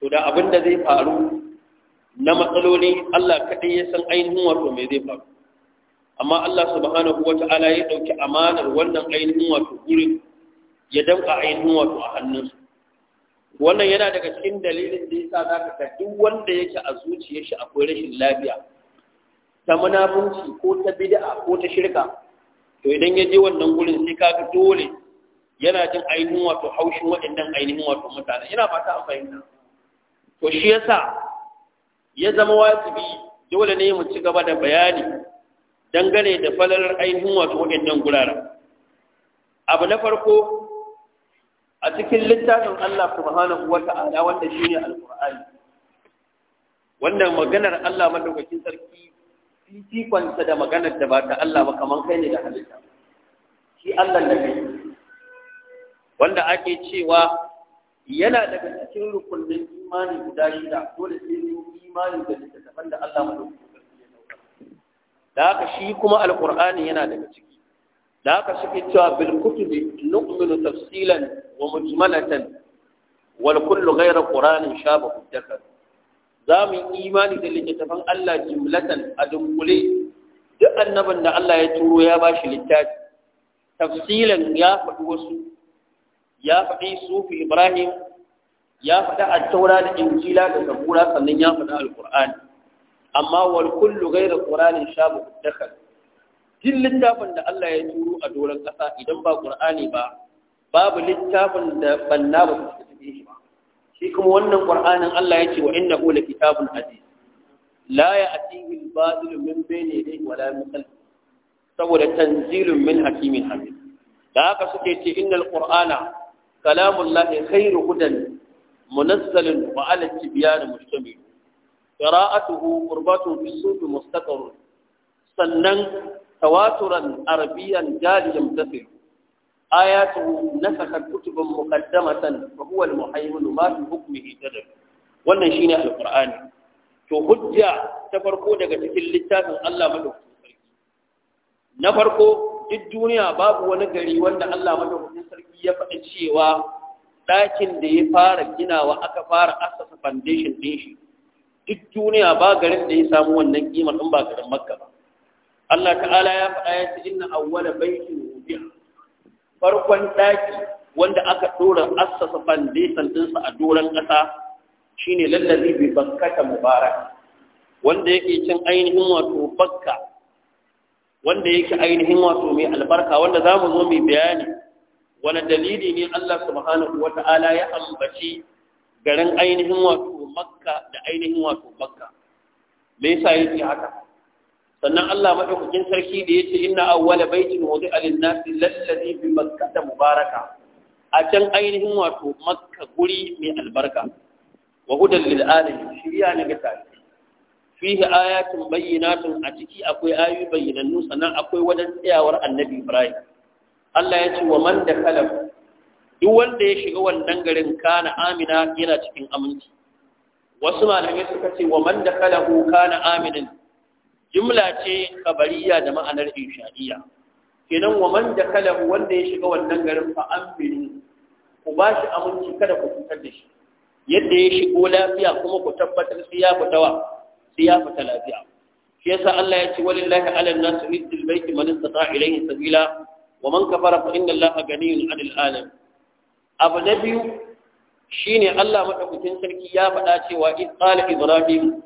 to da abin da zai faru na matsaloli Allah kadai ya san ainihin wato me zai faru amma Allah subhanahu ta'ala ya dauki amanar wannan ainihin wato gurin ya danka ainihin wato a hannunsu wannan yana daga cikin dalilin da yasa zaka ga duk wanda yake a zuciyar shi akwai rashin lafiya ta munafunci ko ta bid'a ko ta shirka to idan ya je wannan gurin sai kaga dole yana jin ainihin wato haushin waɗannan ainihin wato mutane yana fata an fahimta to shi yasa ya zama wajibi dole ne mu ci gaba da bayani dangane da falalar ainihin wato waɗannan guraren abu na farko a cikin littafin Allah subhanahu wa ta'ala wanda shi ne alƙur'ani wannan maganar Allah madaukakin sarki fifikonta da maganar da ba ta Allah ba kamar kai ne da halitta shi Allah da kai wanda ake cewa yana daga cikin rukunin imani guda shida dole sai ne imani da littattafan da Allah madaukakin da haka shi kuma alkur'ani yana daga ciki da haka suke cewa bil kutubi nu'minu tafsilan wa mujmalatan wal kullu ghayra qur'anin shabahu dakar za mu yi imani da littattafan Allah jimlatan a dunkule duk annabin da Allah ya turo ya ba shi littafi tafsilan ya faɗi wasu ya faɗi sufi ibrahim ya faɗi attaura da injila da zabura sannan ya faɗi alƙur'ani amma wal kullu ghayra qur'anin shabu dakhal din littafin da Allah ya turo a doron kasa idan ba qur'ani ba babu littafin da banna ba su shi ba shi kuma wannan ƙur'anin Allah ya ce wa innahu la kitabun aziz la ya'tihi al-batil min bayni yadayhi wala min khalfihi saboda tanzilun min hakimin hamid da haka suke ce innal qur'ana kalamullahi khairu hudan منزل وعلى التبيان مجتمل qira'atuhu qurbatu bisud mustaqarr sannan tawaturan arabiyan jaliyan tafsir ayatuhu nasakhat kutubun muqaddamatan fa huwa al-muhaymin ma fi hukmihi tadab wannan shine alqur'ani to hujja ta farko daga cikin littafin Allah madaukakin sarki na farko duk duniya babu wani gari wanda Allah madaukakin sarki ya faɗi cewa ɗakin da ya fara ginawa aka fara asasa foundation ɗin shi duk duniya ba garin da ya samu wannan kima in ba garin makka ba Allah ta'ala ya faɗa ya ce inna awwala baitin wudi'a farkon daki wanda aka dora assasa foundation dinsa a doran ƙasa shine lallazi bi bakkata mubarak wanda yake cin ainihin wato bakka wanda yake ainihin wato mai albarka wanda za mu zo mai bayani wani dalili ne Allah subhanahu wa ta'ala ya ambaci garin ainihin wato makka da ainihin wato makka me yasa yake haka sannan Allah madaukakin sarki da yace inna awwala baitin wudi al nasi lalladhi bi makkata mubaraka a can ainihin wato makka guri mai albarka wa hudan lil alamin shiriya ne ga tare fihi ayatun bayyinatun a ciki akwai ayoyi nan, sannan akwai wajen tsayawar annabi Ibrahim Allah ya wa man da duk wanda ya shiga wannan garin kana amina yana cikin aminci wasu malamai suka ce wa man dakalahu kana aminin jumla ce kabariya da ma'anar insha'iya. kenan wa man dakalahu wanda ya shiga wannan garin fa aminu ku ba shi aminci kada ku cutar da shi yadda ya shigo lafiya kuma ku tabbatar sai ya fita wa sai ya fita lafiya shi yasa Allah ya ce walillahi ala an-nas mithl bayti man a ilayhi sabila wa man kafara fa inna Allaha ganiyyun 'anil 'alamin abu na biyu ne Allah madaukakin sarki ya faɗa cewa id ibrahim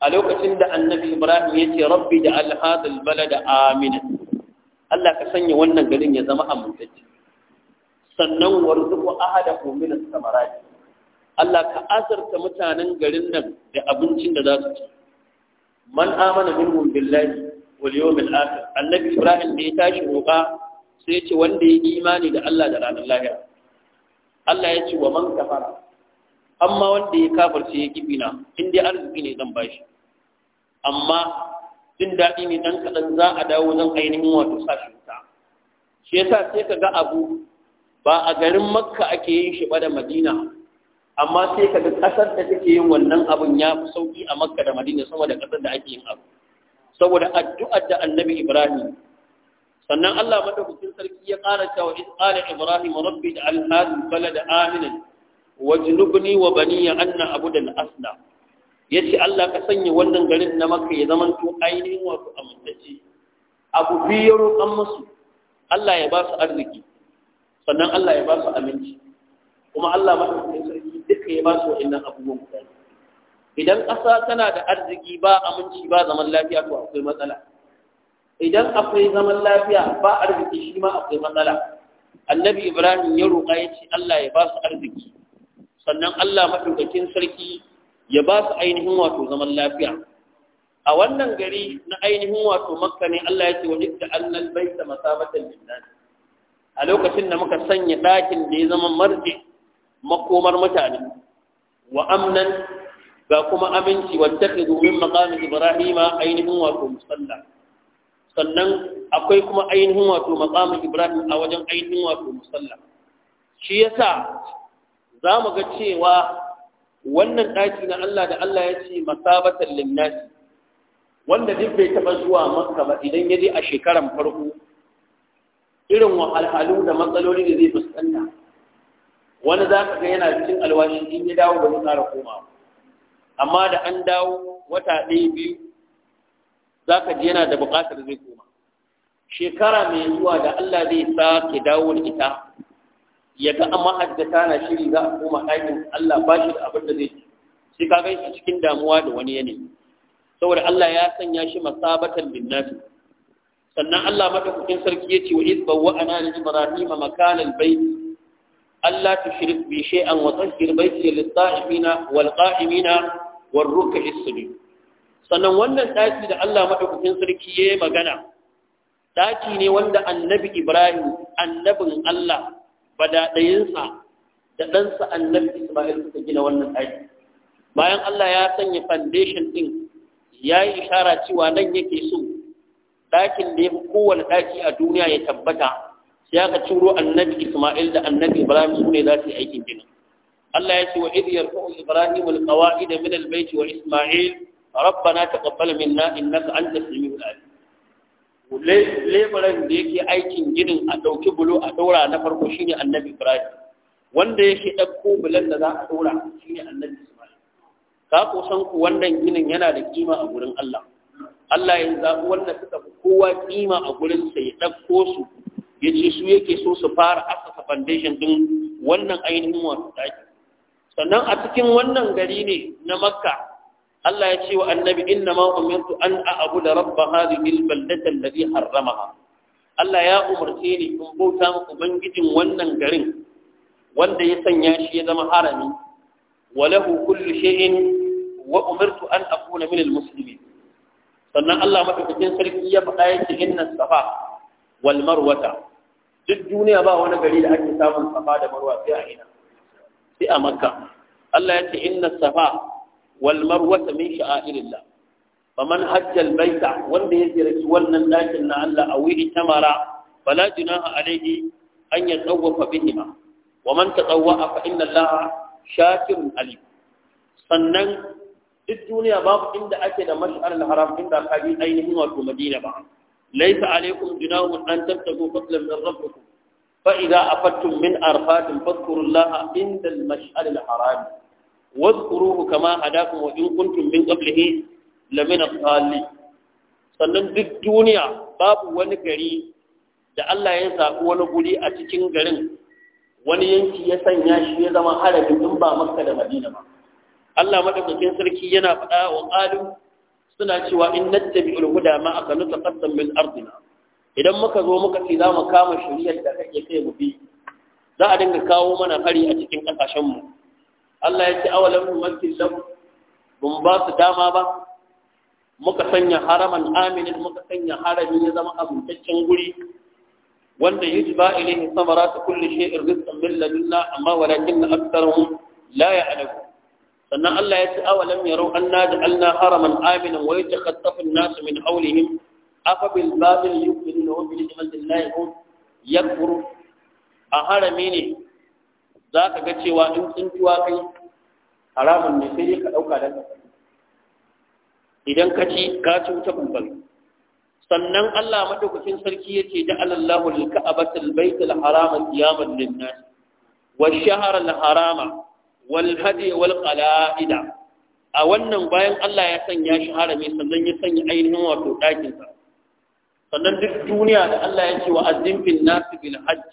a lokacin da annabi ibrahim ya ce rabbi da Alhazal alhadal da amina Allah ka sanya wannan garin ya zama amintacce sannan warzuku ahadahu min as-samarat Allah ka azarta mutanen garin nan da abincin da za su ci man amana minhum billahi wal yawmil akhir annabi ibrahim da ya tashi roƙa sai ya ce wanda ya imani da Allah da ranar lahira Allah ya ce wa man kafara amma wanda ya kafarce ya kibina in dai arziki ne zan bashi amma jin daɗi ne dan kaɗan za a dawo zan ainihin wato sa shi wuta shi yasa sai ka ga abu ba a garin makka ake yin shi ba da madina amma sai kaga ga ƙasar da take yin wannan abun ya fi sauƙi a makka da madina sama da ƙasar da ake yin abu saboda addu'ar da annabi ibrahim sannan Allah madaukakin sarki ya ƙara cewa in qala ibrahim rabbi ij'al hadha da balada aminan wajnubni wa baniya an na'budu al Ya yace Allah ka sanya wannan garin na Makka ya zama to ainihin wato amintaci. abu biyu roƙan musu Allah ya ba su arziki sannan Allah ya ba su aminci kuma Allah madaukakin sarki duka ya ba su wa'annan abubuwan guda idan ƙasa tana da arziki ba aminci ba zaman lafiya to akwai matsala idan akwai zaman lafiya ba arziki shi ma akwai matsala annabi ibrahim ya roƙa ya ce allah ya ba su arziki sannan allah maɗaukakin sarki ya ba su ainihin wato zaman lafiya a wannan gari na ainihin wato makka ne allah ya ce wa idda annal da masabatan linnas a lokacin da muka sanya ɗakin da ya zama marje makomar mutane wa amnan ga kuma aminci wa domin min maqami ibrahima ainihin wato musalla sannan akwai kuma ainihin wato matsamin ibrahim a wajen ainihin wato musalla shi yasa za mu ga cewa wannan ɗaki na allah da allah ya ce masabatan linnasi wanda duk bai taɓa zuwa makka ba idan ya je a shekaran farko irin wahalhalu da matsaloli da zai fuskanta wani za ka ga yana cikin alwashi in ya dawo ba zai ƙara komawa amma da an dawo wata ɗaya biyu za ka ji yana da buƙatar zai koma shekara mai zuwa da Allah zai sa ke dawo da ita ya ga amma haddata na shiri za a koma ɗakin Allah ba shi da abin da zai ci sai ka gan shi cikin damuwa da wani yanayi saboda Allah ya sanya shi masabatan linnati sannan Allah madaukakin sarki yace wa iz bawwa'ana li ibrahima makanal bayt Allah tushrik bi shay'an wa tahhir baiti lit-ta'imina wal-qa'imina war-ruk'i sujud sannan wannan ɗaki da Allah maɗaukakin sarki yayi magana ɗaki ne wanda annabi ibrahim annabin Allah bada badaɗayinsa da ɗansa annabi isma'il suka gina wannan ɗaki bayan Allah ya sanya foundation ɗin ya yi ishara cewa nan yake so ɗakin da ya fi kowane ɗaki a duniya ya tabbata sai aka ciro annabi isma'il da annabi ibrahim su ne za su yi aikin gina Allah ya ce wa idh yarfa'u ibrahim al-qawaid min al-bayt wa isma'il تقبل منا انك انت السميع العليم alim lebaran da yake aikin ginin a ɗauki bulo a ɗora na farko shine annabi ibrahim wanda yake ɗauko bulan da za a daura shine annabi ismail ka ko san ku wannan ginin yana da kima a gurin allah allah ya zaɓi wanda suka fi kowa kima a gurin sa ya ɗauko su ya ce su yake so su fara asasa foundation din wannan ainihin wato sannan a cikin wannan gari ne na makka Allah ya ce wa annabi inna ma umirtu an a'budu rabb hadhihi al-baldati allati harramaha Allah ya umarce ni in bauta muku bangijin wannan garin wanda ya sanya shi ya zama harami wa lahu kullu shay'in wa umirtu an akuna min al-muslimin sannan Allah madaukakin sarki ya faɗa yake inna safa wal marwata duk duniya ba wani gari da ake samun safa da marwa sai a ina sai a makka Allah ya ce inna safa wal marwata min sha'airillah faman hajja al baita wanda ya ziyarci wannan dakin na Allah a wuri tamara fala junaha alaihi an yatawafa bihima wa man sannan duk duniya babu inda ake da mash'ar haram inda ka bi ainihin wato madina ba Laisa alaikum junahun an tabtagu fadlan min rabbikum fa idza afattum min arfatin fadhkurullaha inda al-mash'ar al-haram واذكروه كما هداكم وإن كنتم من قبله لمن الضالين sannan duk duniya babu wani gari da Allah ya zaɓi wani guri a cikin garin wani yanki ya sanya shi ya zama harabi in ba Makka da Madina ba Allah madaukakin sarki yana faɗa wa qalu suna cewa in nattabi'ul huda ma aka nutaqaddam min ardina idan muka zo muka ce za mu kama shari'ar da kake kai mu bi za a dinga kawo mana hari a cikin kasashen mu Allah ya ce awalan mumakkin lam bun ba su dama ba muka sanya haraman aminin muka sanya harami ya zama abuntaccen guri wanda yujba ilayhi samaratu kulli shay'in rizqan min ladunna amma walakin aktharuhum la ya'lamun sannan Allah ya ce awalam yarau anna ja'alna haraman aminan wa yatakhattafu an-nasu min hawlihim afa bil babil yu'minuna wa bi ni'matillahi hum yakfurun a harami ne za ka ga cewa in tsintuwa kai haramun ne sai dai ka ɗauka da idan ka ci ka ci wuta bambam sannan Allah madaukakin sarki yace da Allahu lil ka'abati al bayt al harama qiyaman lin nas Wa shahr al harama wal hadi wal qala'ida a wannan bayan Allah ya sanya shi harami sannan ya sanya ainihin wato ɗakin sa sannan duk duniya da Allah ya ce wa azim bin nas bil hajj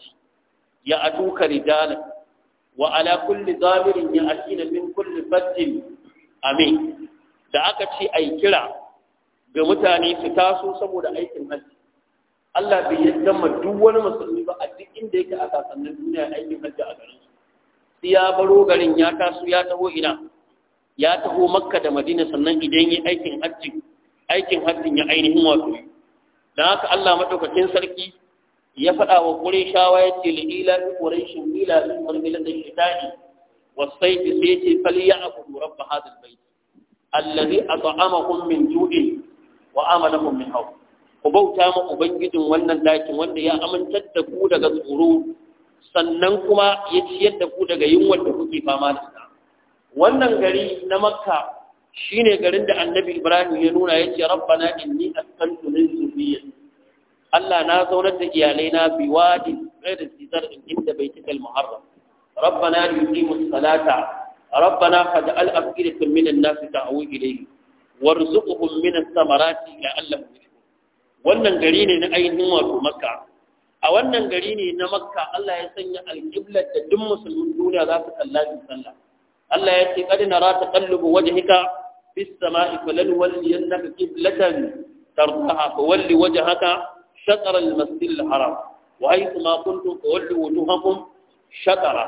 ya atuka rijalan wa ala kulli zamirin ya asina min kulli fajjin amin da aka ce ai kira ga mutane su taso saboda aikin haji Allah bai yadda ma duk wani musulmi ba a duk inda yake a kasannin duniya aikin haji a garin su sai ya baro garin ya taso ya taho ina ya taho makka da madina sannan idan yi aikin haji aikin haji ya ainihin wato da haka Allah madaukakin sarki ya faɗa wa qurayshawa ya ce li ila fi quraysh ila fi marmilat ash-shita'i was-sayf sai ce falyaqudu rabb hadha al-bayt alladhi at'amahum min juɗe wa amana amanahum min hau. ku bauta ma ubangijin wannan dakin wanda ya amintar da ku daga tsoro sannan kuma ya ciyar da ku daga yunwar da kuke fama da ita wannan gari na makka shine garin da annabi ibrahim ya nuna ya ce, yace rabbana inni askantu min zurriyyati Allah na zaunar da iyalai na biwadi ghairu zizar inda baitikal muharram rabbana yuqimus salata rabbana faj'al afidatan minan nas ta'awi ilayhi warzuqhum min ath-thamarati la'allahum yashkurun wannan gari ne na ainihin wato makka a wannan gari ne na makka Allah ya sanya alƙiblar da duk musulmin duniya za su kalla su sallah Allah ya ce kad nara taqallubu wajhika fis sama'i falan walli yannaka qiblatan tardaha fa walli wajhaka شطر المسجد الحرام وحيث ما كنتم تولوا وجوهكم شطرا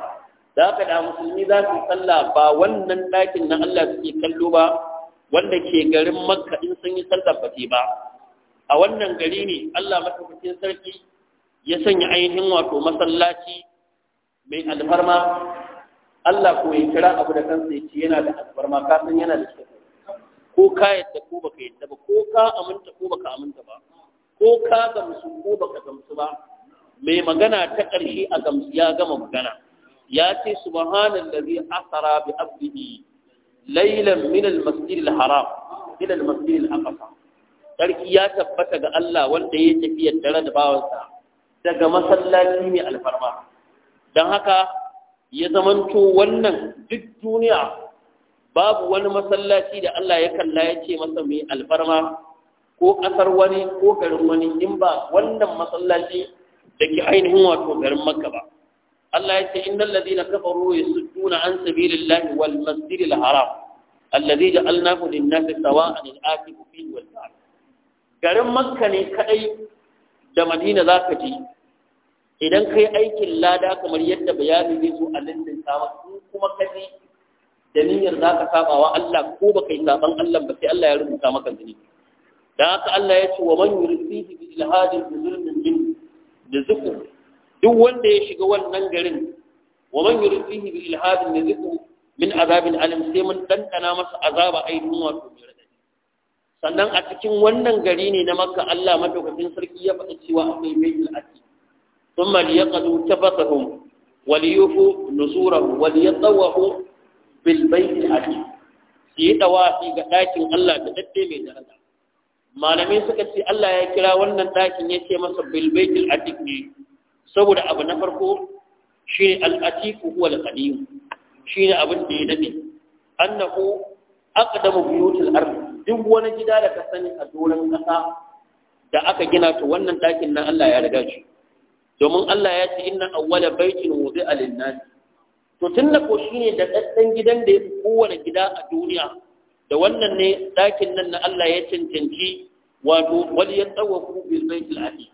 ذاك دا musulmi za su sallah ba wannan ɗakin na Allah suke kallo ba wanda ke garin Makka in sun yi sallah ba ba a wannan gari ne Allah madaukakin sarki ya sanya ainihin wato masallaci mai alfarma Allah ko ya kira abu da kansa ya ce yana da alfarma ka san yana da shi ko ka yadda ko baka yadda ba ko ka aminta ko baka aminta ba ko ka gamsu ko baka gamsu ba mai magana ta ƙarshe a gamsu ya gama magana ya ce subhanallazi asara bi abdihi laylan min al-masjid al-haram ila al-masjid al-aqsa sarki ya tabbata ga Allah wanda ya tafi dare da bawansa daga masallaci mai alfarma dan haka ya zamanto wannan duk duniya babu wani masallaci da Allah ya kalla ya ce masa mai alfarma ko ƙasar wani ko garin wani in ba wannan masallaci da ke ainihin wato garin makka ba Allah ya ce innal ladina kafaru yasudduna an sabilillahi wal masjidil haram alladhi ja'alnahu lin-nasi sawa'an al-akifu fihi wal ba'id garin makka ne kadai da madina zaka ji idan kai aikin lada kamar yadda bayani zai zo a lindin sama kuma kaji da niyyar zaka sabawa Allah ko baka yi saban Allah ba sai Allah ya rubuta maka zunubi da haka Allah ya ce wa man yurfihi bi ilhadin bi zulmin min da zuku duk wanda ya shiga wannan garin wa man yurfihi bi ilhadin da zuku min azabin alim sai mun dandana masa azaba ainihin wato mai radadi sannan a cikin wannan gari ne na makka Allah madaukakin sarki ya faɗa cewa akwai baitul aqi thumma liyaqadu tafathahum وليوفوا نزوره وليطوفوا بالبيت العتيق yi tawafi ga ɗakin Allah da daddai mai daraja malamai suka ce Allah ya kira wannan ɗakin ya ce masa bilbaitul atiq ne saboda abu na farko shi ne atiq huwa al shi ne abin da ya dade annahu aqdamu buyutil ard duk wani gida da ka sani a doron kasa da aka gina to wannan ɗakin nan Allah ya riga shi domin Allah ya ce inna awwala baitin wudi'a lin-nas to tunda ko shine da daddan gidan da yafi kowane gida a duniya da wannan ne ɗakin nan na Allah ya cancanci wato wal yatawafu bil baitil atiq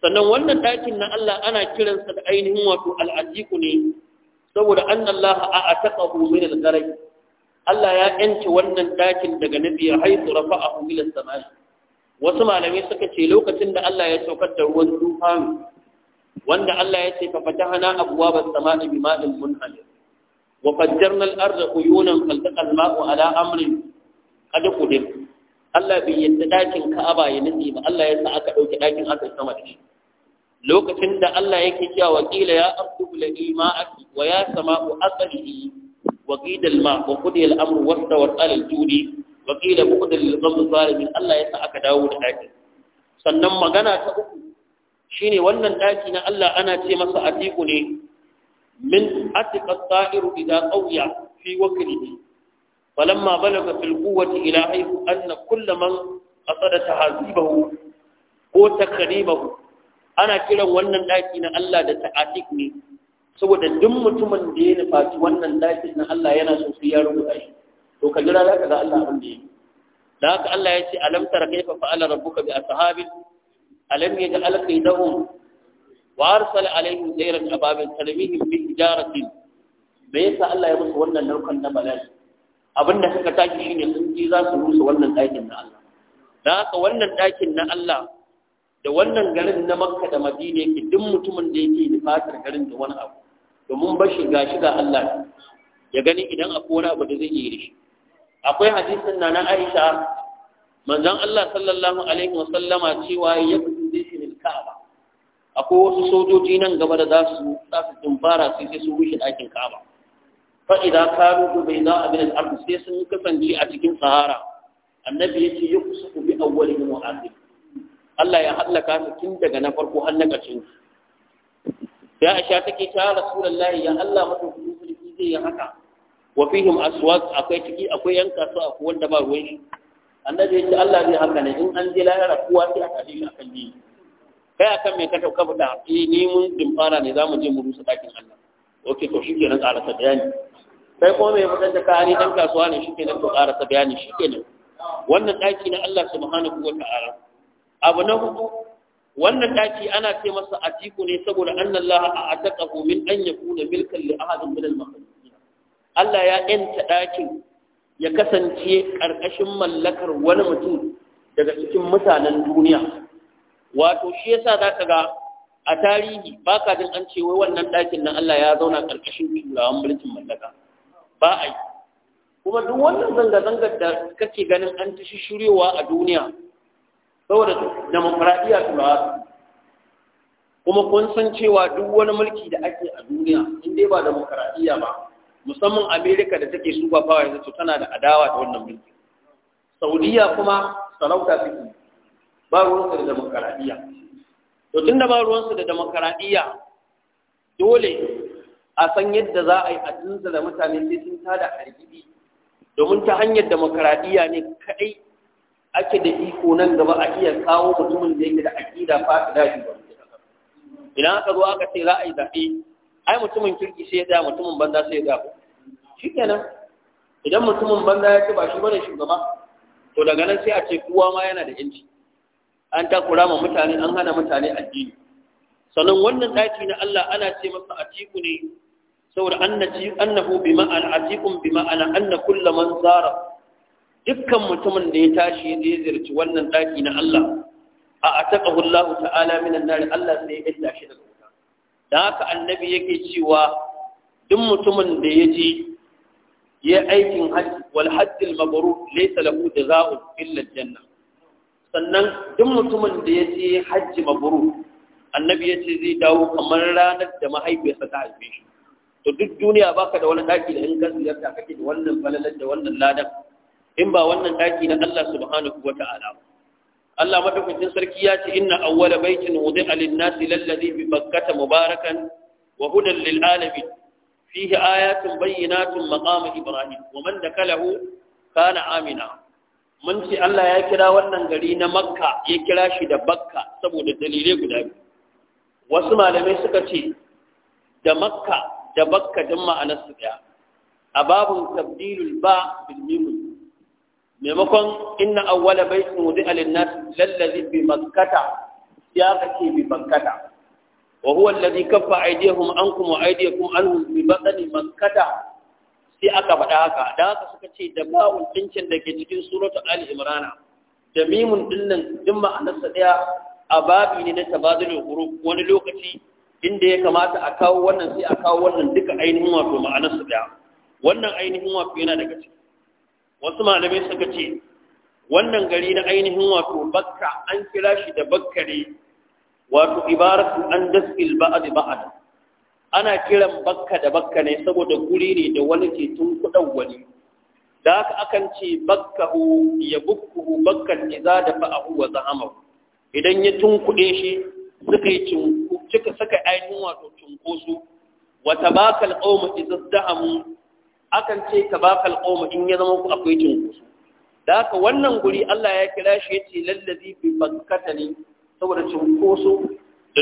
sannan wannan ɗakin na Allah ana kiransa da ainihin wato al'adiku ne saboda an Allah a ataqahu min al-gharq Allah ya yanci wannan ɗakin daga nabi ya haitu rafa'ahu ila samai wasu malamai suka ce lokacin da Allah ya saukar da ruwan tufani wanda Allah ya ce fa fatahana abwaaba as-samaa'i bima'in munhamir وقدرنا الأرض عيونا فالتقى الماء على أمر قد قدر Allah bai yadda ɗakin Ka'aba ya nutse ba Allah ya sa aka ɗauki ɗakin aka sama da shi lokacin da Allah yake cewa wakila ya ardu bil ima'aki wa ya sama'u aqlihi wa qida al ma wa qudiya al amru wastawat al judi wa qila buqda lil qawmi zalimin Allah ya sa aka dawo da ɗakin sannan magana ta uku shine wannan ɗaki na Allah ana ce masa ne من أتق الطائر إذا قوي في وكله فلما بلغ في القوة إلى حيث أن كل من قصد تهذيبه هو تقريبه أنا كلا وانا لكن ألا تتعاتقني سوى دم متمن دين فاتي وانا لكن ألا ينسو سيار بأي لو كجرى لك ذا ألا من دين لك ألا يتي ألم تر كيف فعل ربك بأصحاب ألم يجعل كيدهم wa arsala alaihim zairan ababil tarmihim bi hijaratin me yasa Allah ya musu wannan naukan na bala'i abinda suka tashi shine sun ji za su rusa wannan ɗakin na Allah dan haka wannan ɗakin na Allah da wannan garin na Makka da Madina yake duk mutumin da yake da fatar garin da wani abu domin bashi ga shi ga Allah ya gani idan akwai wani abu da zai yi da shi akwai hadisin na na Aisha manzon Allah sallallahu alaihi wasallama cewa ya akwai wasu sojoji nan gaba da za su za su tumbara sai sai su rushe ɗakin kaba fa idza kanu dubai za a bin al sai sun kasance a cikin sahara annabi ya yace yusufu bi awwalihim wa akhir Allah ya hallaka su tun daga na farko har na ƙarshen ya aisha take ta rasulullahi ya Allah mutum kulli zai yi haka wa fihim aswaq akwai ciki akwai yan kasuwa akwai wanda ba ruwan shi annabi ce Allah zai haka ne in an je lahira kowa sai a tashi akan yi kai akan me ka tauka fada eh ni mun dimfara ne mu je mu rusa ɗakin Allah Ok to shi ke kenan karasa bayani sai ko mai fitar da kani dan kasuwa ne shi kenan to karasa bayani shi kenan wannan daki na Allah subhanahu wa ta'ala abu na hudu wannan daki ana ce masa atiku ne saboda annallaha a ataqahu min an yakuna milkan li ahadin min al Allah ya ɗanta ɗakin ya kasance ƙarƙashin mallakar wani mutum daga cikin mutanen duniya wato shi yasa za ka ga a tarihi ba ka jin an ce wai wannan ɗakin nan Allah ya zauna ƙarƙashin turawan mulkin mallaka ba a yi kuma duk wannan zanga-zangar da kake ganin an ta shishirewa a duniya saboda demokuraɗiyya turawa kuma kun san cewa duk wani mulki da ake a duniya in dai ba demokuraɗiyya ba musamman amerika da take super power yanzu tana da adawa da wannan mulki saudiya kuma sarauta take ba ruwansu da demokaradiyya to tun da ba ruwansu da demokaradiyya dole a san yadda za a yi a da mutane da sun tada hargitsi domin ta hanyar demokaradiyya ne kaɗai ake da iko nan gaba a iya kawo mutumin da yake da aƙida da shi ba idan aka zo aka ce za a yi zaɓe ai mutumin kirki sai ya tsaya mutumin banza sai ya tsaya shi kenan idan mutumin banza ya ce ba shi bane shugaba to daga nan sai a ce kowa ma yana da yanci an takura ma mutane an hana mutane addini sannan wannan daki na Allah ana ce masa atiku ne saboda annaci annahu bi atikum bi anna man zara dukkan mutumin da ya tashi ya zirci wannan daki na Allah a ataqahu Allah ta'ala min nar Allah sai ya illa shi daga wuta da haka annabi yake cewa duk mutumin da ya ji ya aikin hajji wal hajjil mabrur laysa lahu jazaa'un illa janna sannan duk mutumin da ya je hajji maburu annabi ya ce zai dawo kamar ranar da mahaifiyarsa ta haife shi to duk duniya baka da wani daki da in ka ziyarta kake da wannan falalar da wannan ladan in ba wannan daki na Allah subhanahu wata'ala Allah madaukakin sarki ya ce inna awwala baitin wudi'a lin-nasi lalladhi bi Bakkata mubarakan wa hudan lil-alamin fihi ayatun bayyinatun maqam Ibrahim wa man dakalahu kana amina mun ce Allah ya kira wannan gari na makka ya kira shi da bakka saboda dalilai guda biyu wasu malamai suka ce da makka da bakka din ma'anarsu ɗaya a babu tabdilul ba bil maimakon inna awwala baitin sun lin-nas lallazi bi makkata ya kace bi makkata wa huwa alladhi kaffa aydiyahum ankum wa aydiyakum anhum bi batni makkata sai aka faɗa haka da haka suka ce da ba'un ɗinkin da ke cikin suratu ali imrana da mimun ɗinnan duk ma'anarsa ɗaya a babi ne na tabazulul guru wani lokaci inda ya kamata a kawo wannan sai a kawo wannan duka ainihin wato ma'anarsa ɗaya wannan ainihin wato yana daga ciki wasu malamai suka ce wannan gari na ainihin wato bakka an kira shi da bakkare wato ibaratu an daskil ba'd ba'd ana kiran bakka da bakka ne saboda guri ne da wani ke tun kudan wani da aka akan ce bakkahu ya hu bakkan iza da hu wa zahama idan ya tun kuɗe shi suka yi cinku cika saka ainihin wato cunkoso wa tabakal qawmu idza da'amu akan ce tabakal qawmu in ya zama ku akwai cunkoso da aka wannan guri Allah ya kira shi yace lallazi bi bakkatani saboda cunkoso da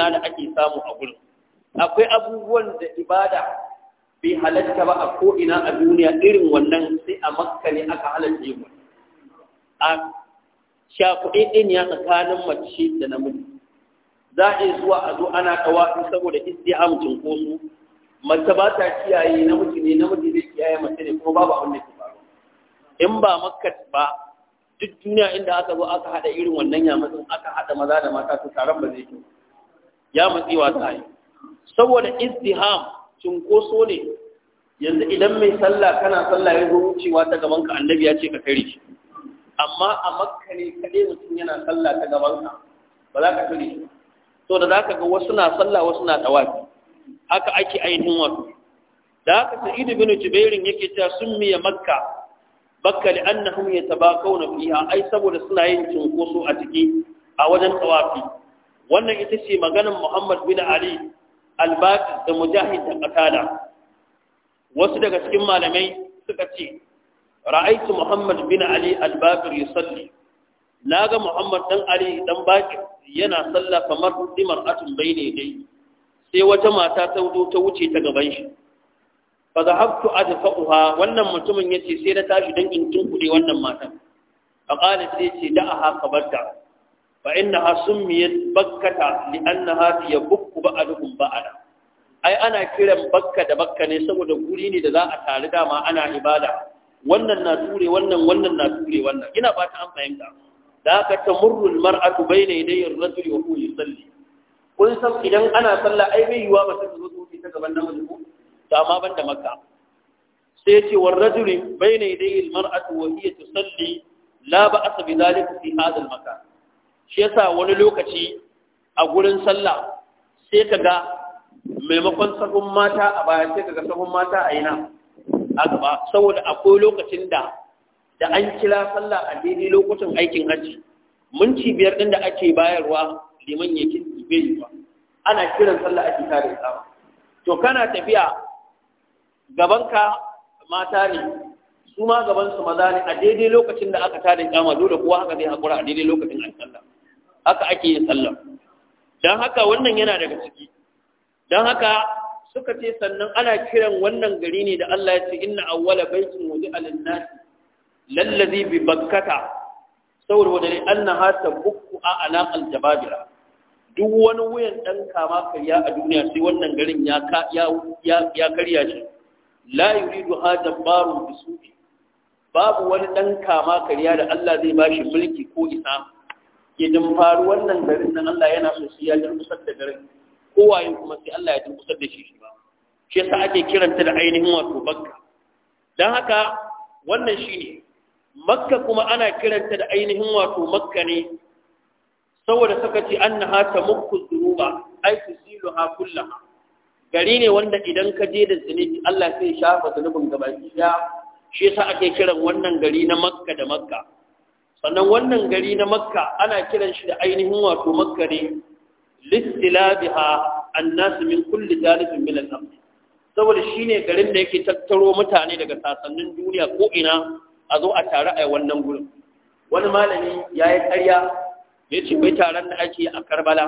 ya da ake samu a gurin akwai abubuwan da ibada bai halatta ba a ko'ina a duniya irin wannan sai a makka ne aka halatta yi a shafuɗe ɗin ya tsakanin mace da namiji za a yi zuwa a zo ana ɗawa saboda istiham su mace ba ta kiyaye namiji ne namiji zai kiyaye mace ne kuma babu abin da ke faru in ba makka ba duk duniya inda aka zo aka haɗa irin wannan ya yamatsin aka haɗa maza da mata su taron ba zai kyau ya matsi wa ta yi saboda istiham cunkoso ne yanzu idan mai sallah kana sallah ya zo wucewa ta gaban ka annabi ya ce ka kare shi amma a makka ne kaɗai mutum yana sallah ta gaban ka ba za ka kare shi to da za ka ga wasu na sallah wasu na tawafi haka ake ainihin wato da haka sa'id bin jubairin yake cewa sun miya makka bakka li annahum yatabaqawna fiha ai saboda suna yin cunkoso a ciki a wajen tawafi wannan ita ce maganar Muhammad bin Ali albaqi da mujahid da qatada wasu daga cikin malamai suka ce Ra'aitu muhammad bin ali al salli. Na ga muhammad dan ali dan baqir yana salla kamar dimar'atun bayne dai sai wata mata ta wuce ta wuce ta gaban shi fa zahabtu adfa'uha wannan mutumin yace sai na tashi dan in tunkude wannan matan fa qala sai ce da'aha kabarta fa innaha summiyat bakkata li ya tiyabuk ba'adukum ba'ada ai ana kiran bakka da bakka ne saboda guri ne da za a tare dama ana ibada wannan na ture wannan wannan na ture wannan ina ba ta an fahimta da aka tamurru almar'atu bayna yaday ar-rajul wa huwa yusalli kun san idan ana sallah ai bai yiwa ba sai zo ta gaban da ko to amma ban da makka sai ya ce war rajul bayna yaday mar'atu wa hiya tusalli la ba'sa bi dhalika fi hadha al-makan shi yasa wani lokaci a gurin sallah sai ka ga maimakon sahun mata a baya sai ka ga sahun mata a yi na a gaba saboda akwai lokacin da da an kila sallah a daidai lokacin aikin hajji ci biyar ɗin da ake bayarwa liman ya kinki bai yi ba ana kiran sallah ake tare da to kana tafiya gabanka mata ne su ma gaban su maza ne a daidai lokacin da aka tare kama dole kuwa haka zai hakura a daidai lokacin an sallah haka ake yin sallah don haka wannan yana daga ciki don haka suka ce sannan ana kiran wannan gari ne da Allah ya ce inna awwala baitin wudi alinnas lallazi bi bakkata saboda wadare annaha tabukku a ala jababira duk wani wuyan dan kama kariya a duniya sai wannan garin ya ya karya shi la yuridu hada baru bisu babu wani dan kama kariya da Allah zai bashi mulki ko isa Idan faru wannan garin nan Allah yana so sai ya durkusar da garin kowaye kuma sai Allah ya durkusar da shi shi ba shi yasa ake kiranta da ainihin wato bakka dan haka wannan shine makka kuma ana kiranta da ainihin wato makka ne saboda suka ce annaha tamukku dhuruba ay tusiluha kullaha gari ne wanda idan ka je da zunubi Allah sai ya shafa zunubin gabaki daya shi yasa ake kiran wannan gari na makka da makka sannan wannan gari na makka ana kiran shi da ainihin wato makka ne listilabiha annas min kulli janibin min al-ard saboda shine garin da yake tattaro mutane daga sasannin duniya ko ina a zo a tare a wannan gurin wani malami ya yi karya ya ce bai taron da ake a karbala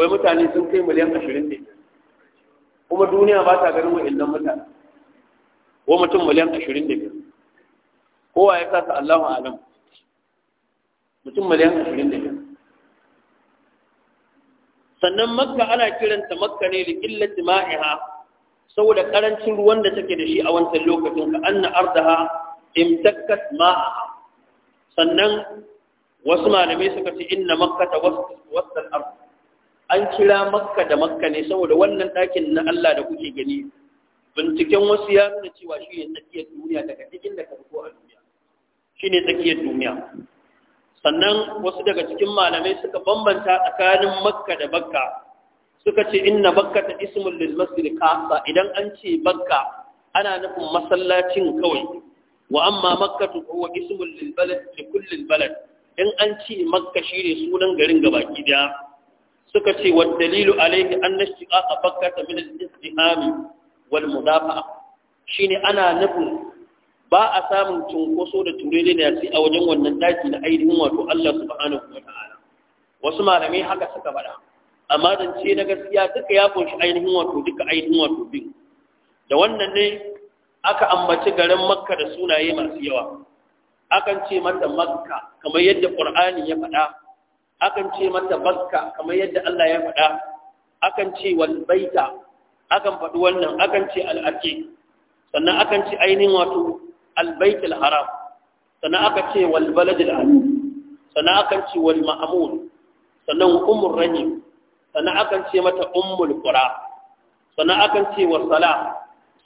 wai mutane sun kai miliyan ashirin ne kuma duniya ba ta ganin wa'illan mutane ko mutum miliyan ashirin da kowa ya sasa allahu alam mutum miliyan ashirin da biyar sannan makka ana kiranta makka ne da illati ma'iha saboda karancin ruwan da take da shi a wancan lokacin ka anna ardaha imtakkat ma'a sannan wasu malamai suka ce inna makka ta wasal ard an kira makka da makka ne saboda wannan ɗakin na Allah da kuke gani binciken wasu ya nuna cewa shi ne tsakiyar duniya daga cikin da ka fito a duniya shi ne tsakiyar duniya sannan wasu daga cikin malamai suka bambanta tsakanin makka da bakka suka ce inna bakka ta ismul lil masjid kasa idan an ce bakka ana nufin masallacin kawai wa amma makka ta huwa ismul lil balad li balad in an ce makka shi ne sunan garin gaba daya suka ce wa dalilu alayhi an nashqa bakka ta min al istihami wal mudafa shine ana nufin ba a samun cunkoso da turere da sai a wajen wannan daki na ainihin wato Allah subhanahu wa ta'ala wasu malamai haka suka faɗa amma ce na gaskiya duka ya kunshi ainihin wato duka ainihin wato bin da wannan ne aka ambaci garin makka da sunaye masu yawa akan ce mata makka kamar yadda qur'ani ya faɗa akan ce mata bakka kamar yadda Allah ya faɗa akan ce wal baita akan faɗi wannan akan ce al sannan akan ce ainihin wato albaitul haram sannan aka ce wal baladil amin sannan aka ce wal sannan ummul rajim sannan aka ce mata ummul qura sannan aka ce wa sala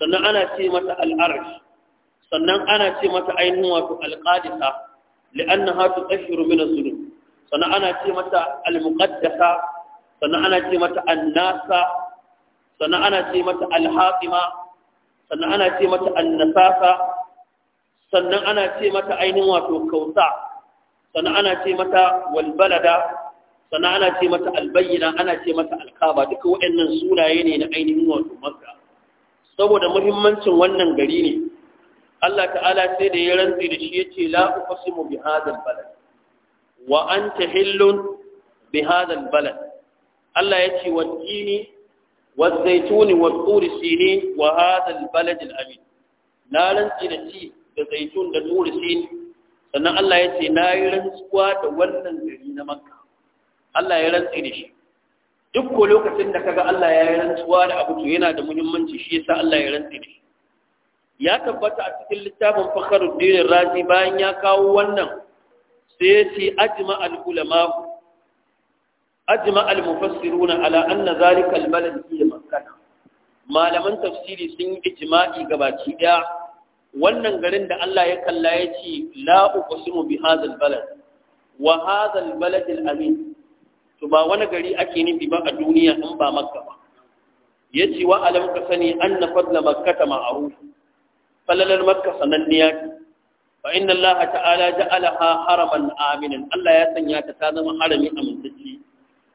sannan ana ce mata al sannan ana ce mata ainihin wato alqadisa qadisa li'annaha tutashiru min az-zulum sannan ana ce mata al sannan ana ce mata an nasa sannan ana ce mata al haqima sannan ana ce mata an nasasa sannan ana ce mata ainihin wato kausa sannan ana ce mata walbalada sannan ana ce mata albayyana ana ce mata alkaba duka waɗannan sunaye ne na ainihin wato makka saboda muhimmancin wannan gari ne Allah ta'ala sai da ya rantsi da shi yace la uqsimu bi hadal balad wa anta hillun bi hadal balad Allah yace wattini والزيتون والطور سينين وهذا amin. Na لا da نتي da zaitun da turi sin sannan Allah ya ce na yi rantsuwa da wannan gari na makka Allah ya rantsi da shi duk ko lokacin da kaga Allah ya yi rantsuwa da abu to yana da muhimmanci shi yasa Allah ya rantsi da shi ya tabbata a cikin littafin Fakhruddin Razi bayan ya kawo wannan sai ya ce ajma al ulama ajma al mufassiruna ala anna zalika al balad fi makkah malaman tafsiri sun yi ijma'i gabaci daya wannan garin da Allah ya kalla ya ce la uqsimu bi hadhal balad wa hadhal balad al amin to ba wani gari ake nufi ba a duniya in ba makka ba yace wa alam ka sani anna fadla makkata ma'ruf falalar makka sananniya fa inna Allah ta'ala ja'alaha haraman aminan Allah ya sanya ta ta zama harami amintacce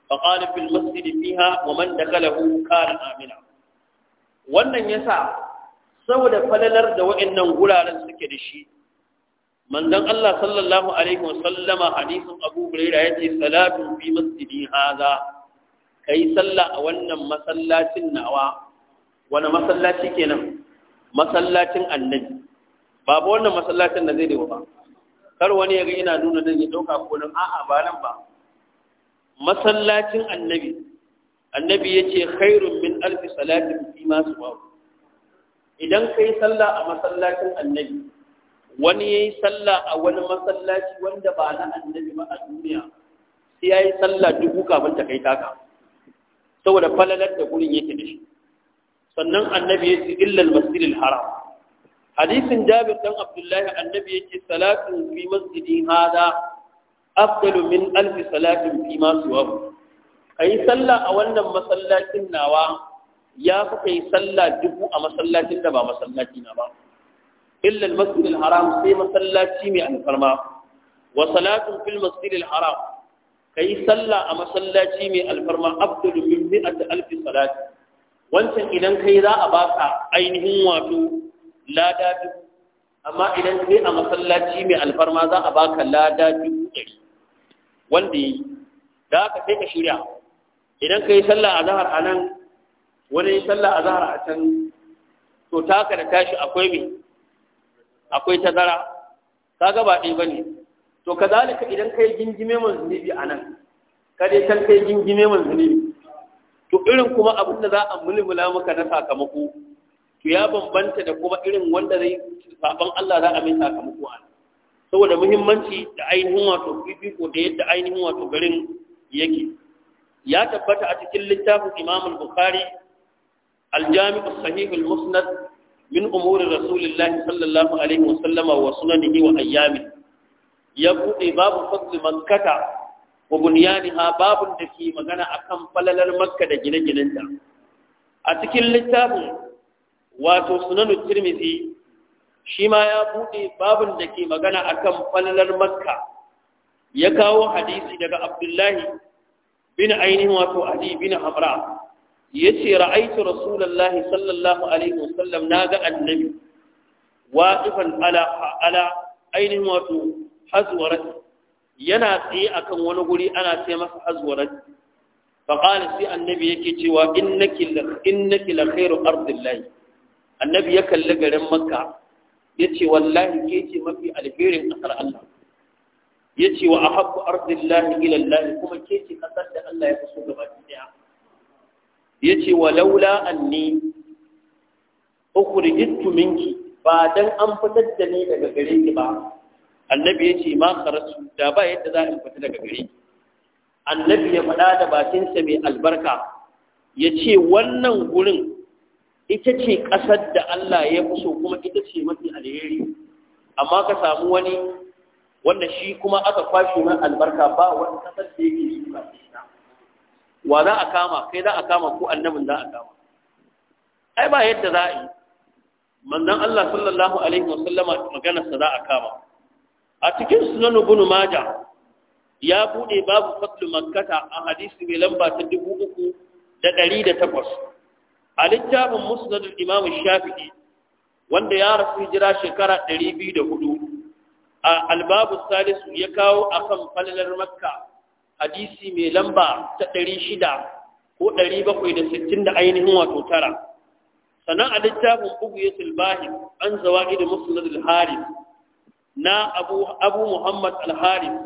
fa qala fil masjid fiha wa man dakalahu kana amina wannan yasa saboda falalar da waɗannan guraren suke da shi manzon Allah sallallahu alaihi wasallama hadisin Abu Hurairah yace salatu fi masjidi hadha kai sallah a wannan masallacin nawa wani masallaci kenan masallacin annabi ba wannan masallacin da zai da ba kar wani ya ga ina nuna nan ya dauka ko nan a'a ba nan ba masallacin annabi annabi yace khairun min alfi salatin fi masu babu. idan ka yi sallah a masallacin annabi wani ya yi sallah a wani masallaci wanda ba na annabi ba a duniya sai ya yi sallah dubu kafin ta kai taka saboda falalar da gurin yake da shi sannan annabi ya ce illal masjidil haram hadisin jabir dan abdullahi annabi ya yake salatun fi masjidin hada afdalu min alf salatin fi ma suwa kai sallah a wannan masallacin nawa ya fi kai sallah dubu a masallacin da ba masallaci na ba illa al-masjid al-haram sai masallaci mai alfarma wa salatun fil masjid al-haram kai sallah a masallaci mai alfarma abdul min mi'at alf salati wancan idan kai za a baka ainihin wato lada dubu amma idan kai a masallaci mai alfarma za a baka lada dubu ɗari wanda yi da aka sai ka shirya idan ka yi sallah a zahar a nan wani sallah a zahara a can to taka da tashi akwai me akwai tazara kaga ba ne. bane to zalika idan kai gingime mai zunubi a ka dai can kai gingime mai zunubi to irin kuma abin da za a mulmula maka na sakamako to ya bambanta da kuma irin wanda zai saban Allah za a mai sakamako a saboda muhimmanci da ainihin wato fifiko da yadda ainihin wato garin yake ya tabbata a cikin littafin Imam Bukhari الجامع الصحيح المسند من أمور رسول الله صلى الله عليه وسلم وسننه وأيامه يبقى باب فضل مكة وبنيانها باب دكي مغانا أكم فللر مكة جنة جنة أتكل لتاب واتو سنن الترمذي شما يبقى باب دكي مغانا أكم فللر مكة يكاو حديثي دقى عبد الله بن عينه واتو علي بن حمراء yace ra'aytu rasulullahi sallallahu alaihi wasallam naga annabi waqifan ala ala ainihin wato hazwarat yana tsaye akan wani guri ana ce masa hazwarat fa qala sai annabi yake cewa innaki la innaki la khairu ardillahi annabi ya kalli garin makka yace wallahi ke ce mafi alherin kasar Allah yace wa ahabbu ardillahi ila Allah kuma ke ce kasar da Allah ya so gaba ɗaya yace laula anni ukhrijtu minki ba dan an fitar da ni daga gare ki ba annabi yace ma kharatu da ba yadda za in fita daga gare ki annabi ya faɗa da bakinsa mai albarka yace wannan gurin ita ce ƙasar da Allah ya fi so kuma ita ce mafi alheri amma ka samu wani wanda shi kuma aka kwashe mai albarka ba wani ƙasar da yake shuka wa za a kama kai za a kama ko annabin za a kama ai ba yadda za a yi manzon Allah sallallahu alaihi wasallama magana sa za a kama a cikin sunan ibn Maja ya bude babu fatlu makkata a hadisi mai lamba ta 3,108 a littafin musnad imam shafi'i wanda ya rasu hijira shekara 204 a albabu salisu ya kawo akan falalar makka hadisi mai lamba ta ɗari shida ko ɗari bakwai da sittin da ainihin wato tara sannan a littafin ugiyatul bahi an zawa idan musnad al-haris na abu abu muhammad al-haris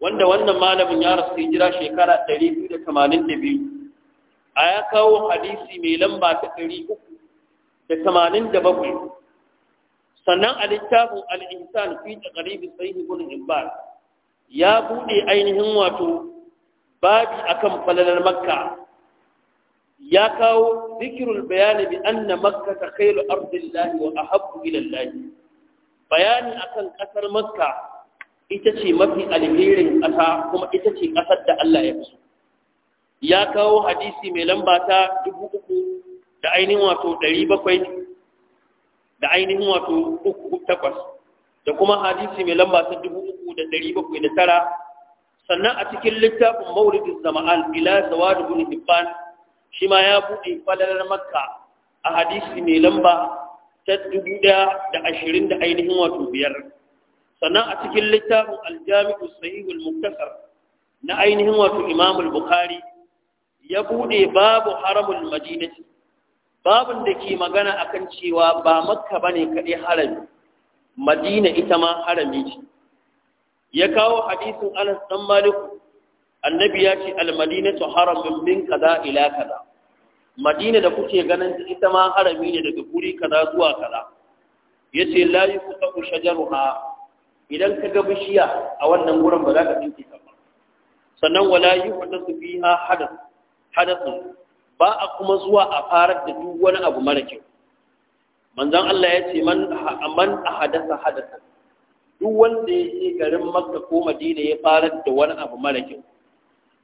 wanda wannan malamin ya rasu hijira shekara 282 a ya kawo hadisi mai lamba ta 387 sannan a littafin al’insan insan fi taqrib sahih ibn imbar. ya bude ainihin wato babi akan falalar makka ya kawo zikirul bayani bi anna makka ta khairu ardillahi wa ahabbu ila bayani akan kasar makka ita ce mafi alherin ƙasa kuma ita ce ƙasar da Allah ya fi ya kawo hadisi mai lamba ta dubu uku da ainihin wato ɗari bakwai da ainihin wato uku takwas da kuma hadisi mai lamba ta dubu uku da dari bakwai da tara sannan a cikin littafin mauridin zama'al bila zawadu bin hibban shi ma ya buɗe falalar makka a hadisi mai lamba ta dubu ɗaya da ashirin da ainihin wato biyar sannan a cikin littafin aljami'u sahihul muktasar na ainihin wato imamul bukhari ya buɗe babu haramul madinati Babun da ke magana akan cewa ba makka bane kaɗai harami madina ita ma harami ce ya kawo hadisin anas dan maliku annabi ya ce almadinatu haramun min kaza ila kaza madina da kuke ganin ita ma harami ne daga guri kaza zuwa kaza yace la yuqatu shajaruha idan ka ga bishiya a wannan gurin ba za ka tsinke ta ba sannan wala yuhdathu fiha hadath hadath ba a kuma zuwa a farar da duk wani abu mara kyau manzon Allah ya ce man man ahadatha hadatha duk wanda ya ce garin Makka ko Madina ya fara da wani abu mara kyau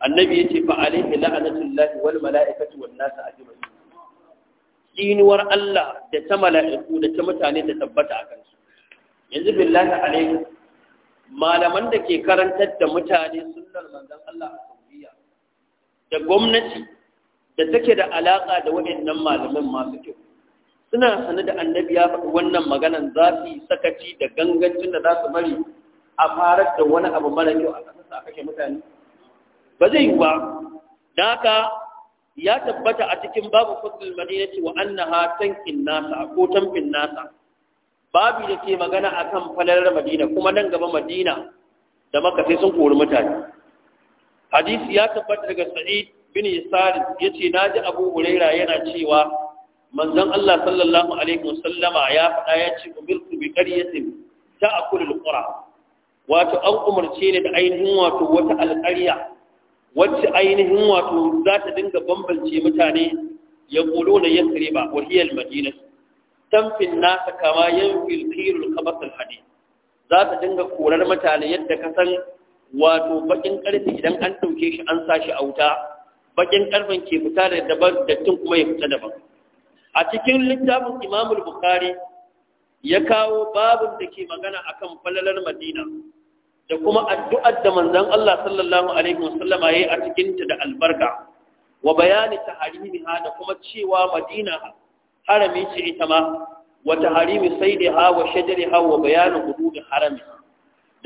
annabi ya ce fa alaihi la'anatullahi wal mala'ikati wan nas ajma'in kinuwar Allah da ta mala'iku da ta mutane ta tabbata akan su yanzu billahi alaihi malaman da ke karantar da mutane sunnar manzon Allah a Saudiya da gwamnati da take da alaka da waɗannan malaman masu kyau suna sane da annabi ya faɗi wannan maganan za sakaci da gangancin da za su bari a farar da wani abu mara kyau a ƙasa a kashe mutane ba zai yi ba da haka ya tabbata a cikin babu fadlul madinati wa annaha tankin nasa ko tamfin nasa babu da ke magana a kan falalar madina kuma nan gaba madina da maka sai sun kori mutane hadisi ya tabbata daga sa'id bin ce na ji abu huraira yana cewa manzon Allah sallallahu alaihi wasallama ya faɗa ya ce umirtu bi qaryatin ta'kulul qura wato an umarce ni da ainihin wato wata alƙarya wacce ainihin wato za ta dinga bambance mutane ya ƙulo na yan kariba wa hiyar madina tamfin nasa kama yan filkirul kabasar hadi za ta dinga korar mutane yadda ka san wato bakin ƙarfi idan an ɗauke shi an sa shi a wuta bakin ƙarfin ke fita da daban dattin kuma ya fita daban a cikin littafin imamul bukhari ya kawo babin da ke magana akan falalar madina da kuma addu'ar da manzan Allah sallallahu alaihi wasallama yi a cikin ta da albarka wa bayani ta ha da kuma cewa madina harami ce ita ma wa taharimi ha wa ha wa bayanu hudud harami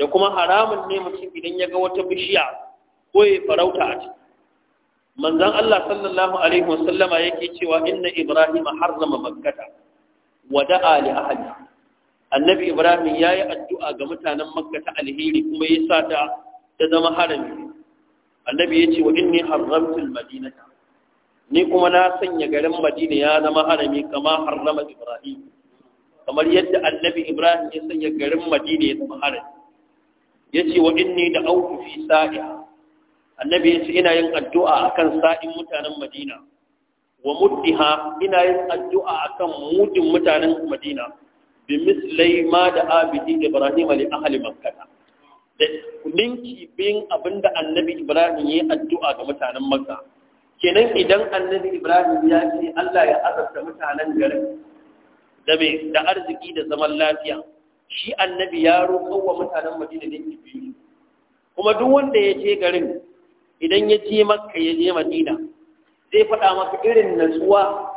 da kuma haramun ne mutum idan ya ga wata bishiya ko ya farauta a ciki Manzan Allah sallallahu alaihi wasallama yake cewa inna ibrahim harrama makkata Wada Ali li annabi ibrahim ya yi addu'a ga mutanen Makkata alheri kuma ya sa ta ta zama harami annabi ya ce wa inni harramtu almadinata ni kuma na sanya garin madina ya zama harami kama harrama ibrahim kamar yadda annabi ibrahim ya sanya garin madina ya zama harami Ya ce wa inni da auku fi sa'iha annabi yace ina yin addu'a akan sa'in mutanen madina wa muddiha ina yin addu'a akan mudin mutanen madina bi mislai ma da abidi ibrahim li ahli Makka da ninki bin abinda annabi ibrahim yayi addu'a ga mutanen makka kenan idan annabi ibrahim ya ce Allah ya azabta mutanen garin da me da arziki da zaman lafiya shi annabi ya roƙo wa mutanen madina ne kuma duk wanda ya je garin idan ya ce maka ya je madina zai faɗa maka irin natsuwa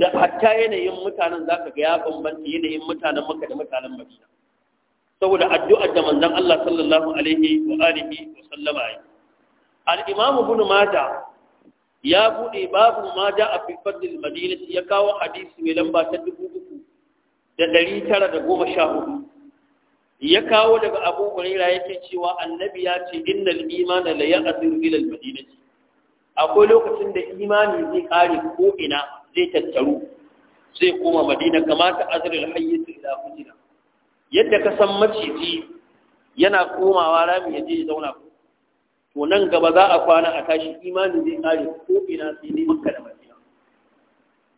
da hatta yanayin mutanen za ka ga ya bambanta yanayin mutanen maka da mutanen madina saboda addu'ar da manzon Allah sallallahu alaihi wa alihi wa sallama yi al-imamu ibn mata ya bude babu mata a fi da madinati ya kawo hadisi mai lamba ta 3914 ya kawo daga abu ya yake cewa annabi ya ce innal imana la ya'zuru ila al-madinati akwai lokacin da imani zai kare ko ina zai tattaru zai koma madina kamata azrul hayyatu ila kujina yadda ka san maciji yana komawa rami ya je zauna ko to nan gaba za a kwana a tashi imani zai kare ko ina sai dai makka da madina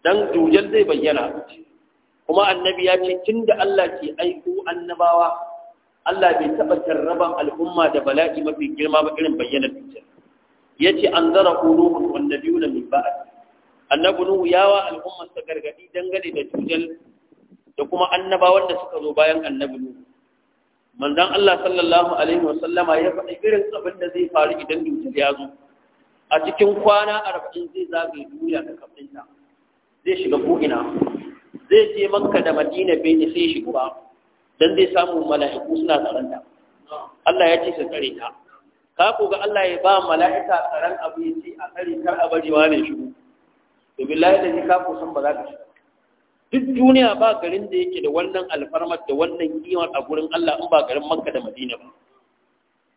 dan dujal zai bayyana kuma annabi ya ce tun da Allah ke aiko annabawa Allah bai taɓa jarraban al'umma da bala'i mafi girma ba irin bayyana cutar ya ce an zara ƙunuhun wanda biyu na min ba'a annabi nuhu yawa al'ummar sa gargaɗi dangane da cutar da kuma annabawan da suka zo bayan annabi nuhu manzon Allah sallallahu alaihi wasallama ya faɗi irin abin da zai faru idan cutar ya zo a cikin kwana arba'in zai zagaye duniya ta kafinta zai shiga ko'ina zai je makka da madina bai sai shi ba dan zai samu mala'iku suna tsaranta Allah ya ce su tsare ta ka ku ga Allah ya ba mala'ika tsaron abu ya ce a tsare kar a bari ma ne shigo to billahi da ka ku san ba za ka shiga duk duniya ba garin da yake da wannan alfarmar da wannan kimar a gurin Allah in ba garin makka da madina ba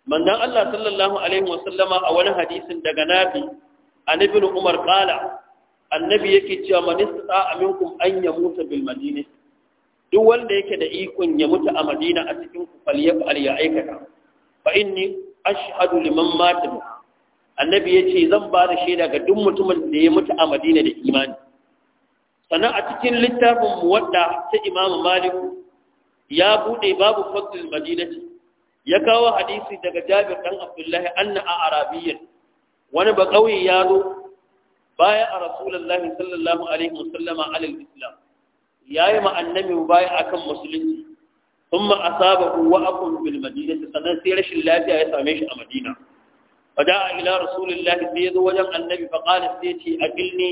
manzon Allah sallallahu alaihi wasallama a wani hadisin daga Nafi an ibn Umar qala annabi yake cewa man istata aminkum an yamuta bil madina duk wanda yake da ikon ya mutu a madina a cikin ku falyafal ya aikata fa inni ashhadu liman mata annabi yace zan ba da shaida ga duk mutumin da ya mutu a madina da imani sannan a cikin littafin muwadda ta imamu malik ya bude babu fadl madinati ya kawo hadisi daga jabir dan abdullahi anna a arabiyyan wani ba kauye ya zo baya a rasulullahi sallallahu alaihi wasallama alal islam yayi ma annabi baya akan musulunci thumma asabahu wa aqum bil madinati sanan sai rashin lafiya ya same shi a madina fada ila rasulullahi sai yazo wajen annabi fa qala sai ce agilni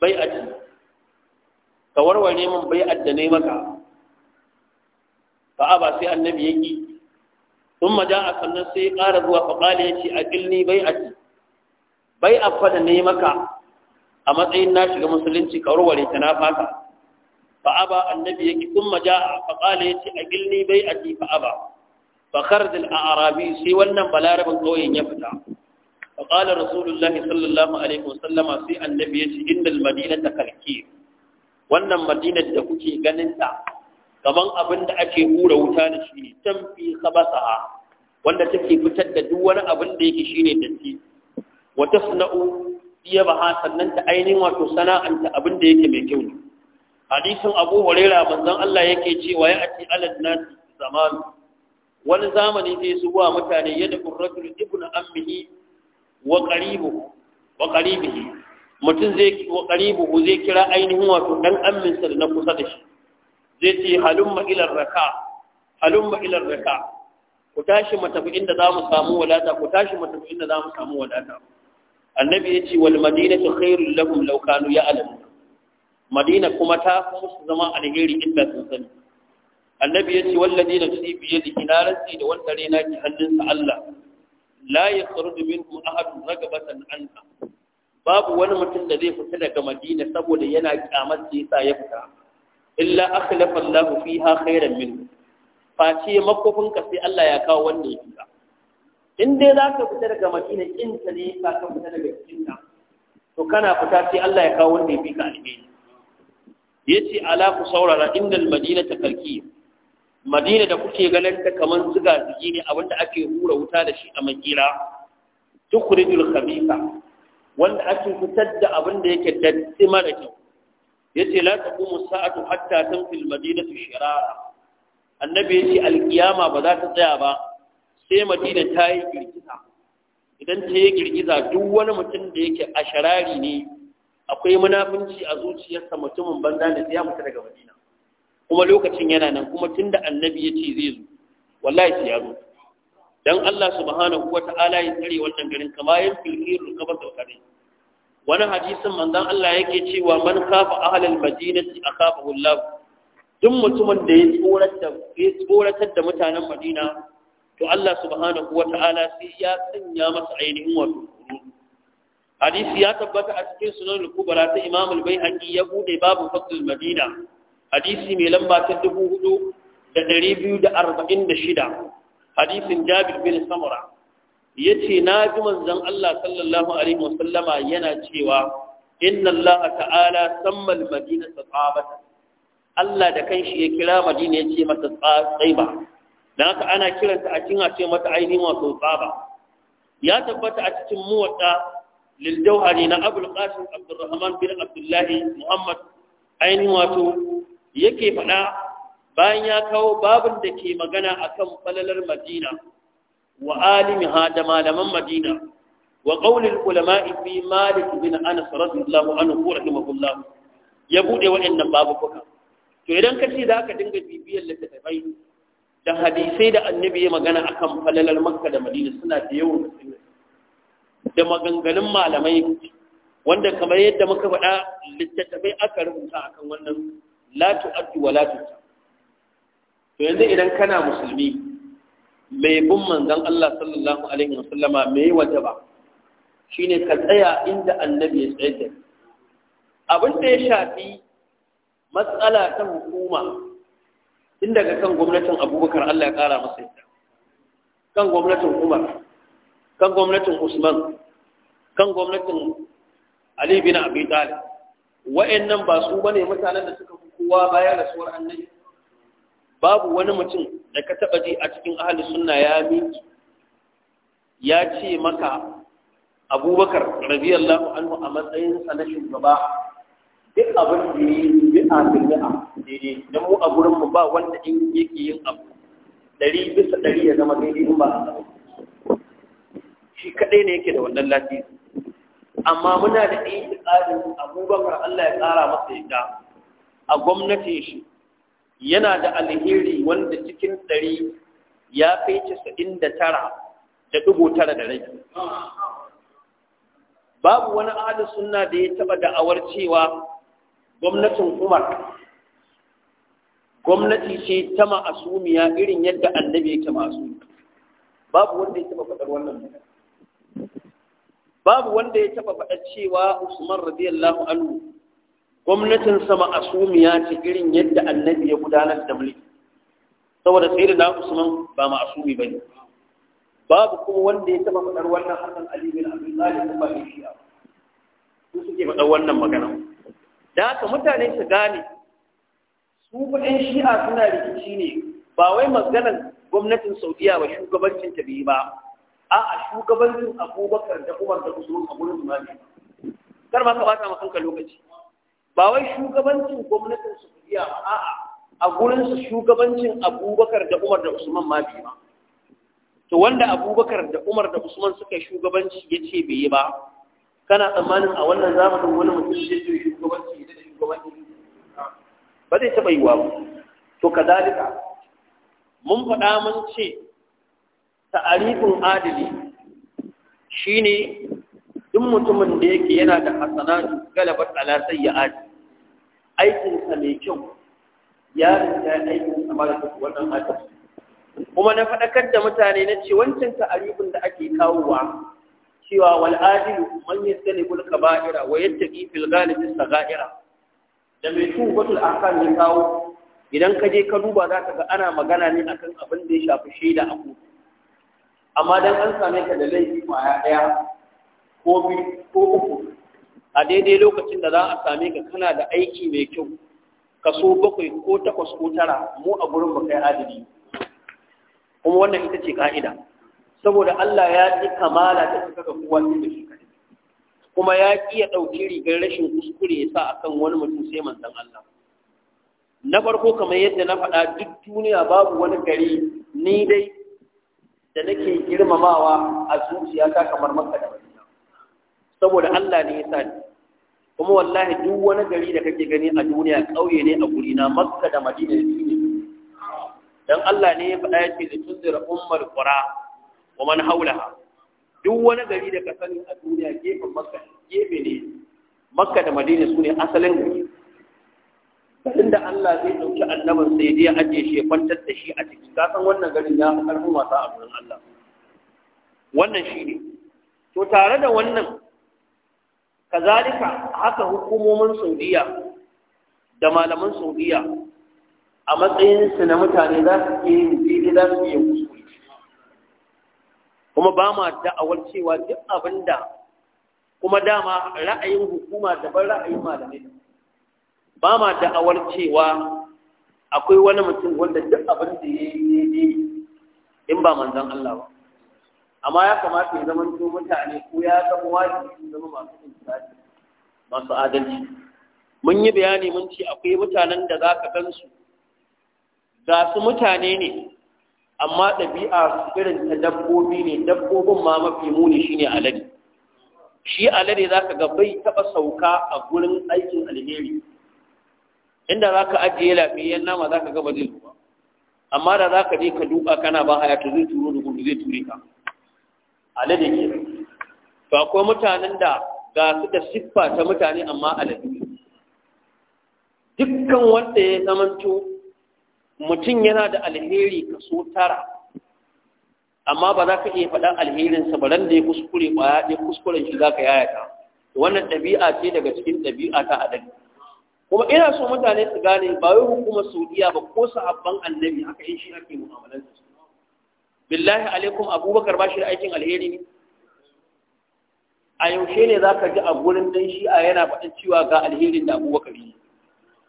bai'ati ka warware min bai'at da nayi maka fa aba sai annabi yaki thumma a sannan sai ya kara zuwa fa qala yace agilni bai'ati bai fa da ne maka a matsayin na shiga musulunci ka ta na fata fa aba annabi yake kuma ja'a fa qala yace a gilni bai aji fa aba fa kharjal arabi sai wannan balarabin kauyen ya fita fa qala rasulullah sallallahu alaihi wasallama sai annabi yace innal madinata kalki wannan madinar da kuke ganin ta kaman abin da ake hura wuta da shi ne tamfi khabasaha wanda take fitar da duk wani abin da yake shine datti wa tasna'u ha sannan ta ainihin wato sana'anta abin da yake mai kyau ne hadisin abu huraira manzon Allah yake cewa ya ati alal nas zaman wani zamani zai zuwa mutane yadda qurratul ibnu ammihi wa qaribuhu wa qaribihi mutum zai wa qaribuhu zai kira ainihin wato dan amminsa da na kusa da shi zai ce halumma ila raka halumma ila raka ku tashi mu tafi inda za samu wadata ku tashi mu tafi inda zamu samu wadata annabi ya ce wal madinatu khairul lahum law kanu ya'lamun madina kuma ta fi musu zama alheri inda sun sani annabi ya ce wallazi na fi biye da kinararsi da wanda rena ki hannunsa Allah la ya kharuju minhu ahadun ragabatan anha babu wani mutum da zai fita daga madina saboda yana kyamar da sa ya fita illa akhlafa Allahu fiha khairan minhu face makofin ka sai Allah ya kawo wanda ya fita in dai za ka fita daga madina in ta ne ka ka fita daga cikin to kana fita sai Allah ya kawo wanda ya fi ka Ya ce ala ku saurara inda madina ta kalki madina da kuke ganin ta kaman siga zigi ne wanda ake hura wuta da shi a makira tukhrijul khabitha wanda ake fitar da abin da yake datti mara kyau yace la taqumu sa'atu hatta tun tamfil madinatu shirara annabi ya ce alkiyama ba za ta tsaya ba sai madina ta yi girgiza idan ta yi girgiza duk wani mutum da yake a sharari ne akwai munafunci a zuciyarsa mutumin banza da ya mutu daga madina kuma lokacin yana nan kuma tun da annabi ya ce zai zo wallahi sai ya zo dan Allah subhanahu wata'ala ya tsare wannan garin kama yin filkir rukaba kare wani hadisin manzon Allah yake cewa man kafa ahlal madinati akafahu Allah duk mutumin da ya tsoratar da mutanen Madina to Allah subhanahu wa ta'ala sai ya sanya masa ainihin wato hadisi ya tabbata a cikin sunan al-kubra ta Imam al-Baihaqi ya bude babu fadl Madina hadisi mai lamba ta 4246 hadisin Jabir bin Samura yace na ji manzon Allah sallallahu alaihi wasallama yana cewa inna Allah ta'ala samma al-Madina tsabata Allah da kanshi ya kira Madina yace mata tsaiba da haka ana kiranta a cikin ce mata ainihin wato tsaba ya tabbata a cikin muwadda lil na abul qasim abdurrahman bin abdullahi muhammad ainihin wato yake faɗa bayan ya kawo babin da ke magana a kan falalar madina wa alimiha da malaman madina wa qaulil ulama'i fi malik bin anas radiyallahu anhu rahimahullah ya buɗe waɗannan babu babukuka to idan kace za ka dinga bibiyar littattafai da hadisai da annabi ya magana akan falalar makka da madina suna da yawan da maganganun malamai wanda kamar yadda muka faɗa littattafai aka rubuta akan wannan latu addu wa latu to yanzu idan kana musulmi mai bin manzon Allah sallallahu alaihi wa sallama mai wajaba shine ka tsaya inda annabi ya tsaya abin da ya shafi matsala ta hukuma tun daga kan gwamnatin abubakar allah ya ƙara masa yadda kan gwamnatin umar kan gwamnatin usman kan gwamnatin ali bin abi wa'in nan ba su bane mutanen da suka fi kowa bayan rasuwar annabi babu wani mutum da ka taba ji a cikin ahalin sunna ya miki ya ce maka abubakar radiyallahu anhu a matsayinsa na shugaba duk abin da yi mi'a bil mi'a daidai dan mu a gurin ba wanda in yake yin abu ɗari bisa ɗari ya zama daidai in ba a shi kaɗai ne yake da wannan lafiya amma muna da itiqadin abubakar Allah ya tsara masa ita, a gwamnatin shi yana da alheri wanda cikin ɗari ya kai casa'in da tara da ɗigo tara da rai babu wani ahalin suna da ya taɓa da'awar cewa gwamnatin umar gwamnati ce ta ma'asumiya irin yadda annabi yake masu babu wanda ya taba faɗar wannan babu wanda ya taba faɗar cewa usman radiyallahu anhu gwamnatin sama asumiya ce irin yadda annabi ya gudanar da mulki saboda sai da usman ba ma'asumi bane babu kuma wanda ya taba faɗar wannan hakan ali bin abdullahi talib ba shi su suke faɗar wannan magana da haka mutane su gane su kudin shi'a suna rikici ne ba wai maganar gwamnatin saudiya ba shugabancin ta biyu ba a'a shugabancin abubakar da umar da usman a gurin imami kar ma ka bata ma kanka lokaci ba wai shugabancin gwamnatin saudiya ba a'a a gurin su shugabancin abubakar da umar da usman ma biyu ba to wanda abubakar da umar da usman suka shugabanci ya ce bai yi ba kana tsammanin a wannan zamanin wani mutum zai ce shugabanci da shugabanci ba zai taɓa yi wa ba. to kazalika mun faɗa mun ce ta'arifin adali shine duk mutumin da yake yana da hasanatu galabat ala adi aikin sa mai kyau ya rinta aikin sa mara kyau wannan hadisi kuma na faɗakar da mutane na ce wancan ta'arifin da ake kawowa cewa wal adilu man kul kaba'ira wa yattaqi fil ghalibi saghaira da mai tubatul ahkam ne kawo idan ka je ka duba za ka ga ana magana ne akan abin da ya shafi shaida a kotu amma dan an same ka da laifi kwaya daya ko biyu ko uku a daidai lokacin da za a same ka kana da aiki mai kyau kaso bakwai ko takwas ko tara mu a gurin mu kai adili kuma wannan ita ce ka'ida saboda Allah ya ƙi kamala ta suka ga kowa sai da shi kai kuma ya ki ya ɗauki rigar rashin kuskure ya sa akan wani mutum sai manzon Allah na farko kamar yadda na faɗa duk duniya babu wani gari ni dai da nake girmamawa a zuciya ta kamar makka da madina saboda Allah ne ya sa ni kuma wallahi duk wani gari da kake gani a duniya ƙauye ne a guri na makka da madina ne dan Allah ne ya faɗa yake da tunzira ummul qura wa man haulaha duk wani gari da ka sani a duniya gefen makka gefe ne makka da madina su ne asalin gari garin da Allah zai ɗauki annaban sai dai ajiye shi kwantar da shi a ciki ka san wannan garin ya fi ƙarfin wasa a gurin Allah wannan shi ne to tare da wannan kazalika haka hukumomin saudiya da malaman saudiya a matsayinsu na mutane za su iya yin za su iya kuma ba ma da'awar cewa duk abin da kuma dama ra'ayin hukuma daban ra'ayin malamai ba ma da'awar cewa akwai wani mutum wanda duk abin da ya yi in ba manzan Allah ba amma ya kamata ya zama to mutane ko ya zama wajibi su zama masu insani masu adalci mun yi bayani mun ce akwai mutanen da za ka gansu ga su mutane ne amma ɗabi'a irin ta dabbobi ne dabbobin ma mafi muni shine alade shi alade za ka ga bai taɓa sauka a gurin aikin alheri inda za ka ajiye lafiyayyen nama za ka gaba zai zuwa amma da za ka je ka duka kana ba haya to zai turo da gudu zai ture ka alade ke to akwai mutanen da ga su da siffa ta mutane amma alade dukkan wanda ya zamanto mutum yana da alheri kaso tara amma ba za ka iya faɗa alherinsa ba ran da ya kuskure ƙwaya ɗaya kuskuren shi za ka yayata wannan ɗabi'a ce daga cikin ɗabi'a ta adali kuma ina so mutane su gane ba wai hukumar saudiya ba ko sahabban annabi haka yin shi ake mu'amalansa su billahi alaikum abubakar ba shi da aikin alheri ne a yaushe ne za ka ji a gurin dan shi'a yana faɗin cewa ga alherin da abubakar yi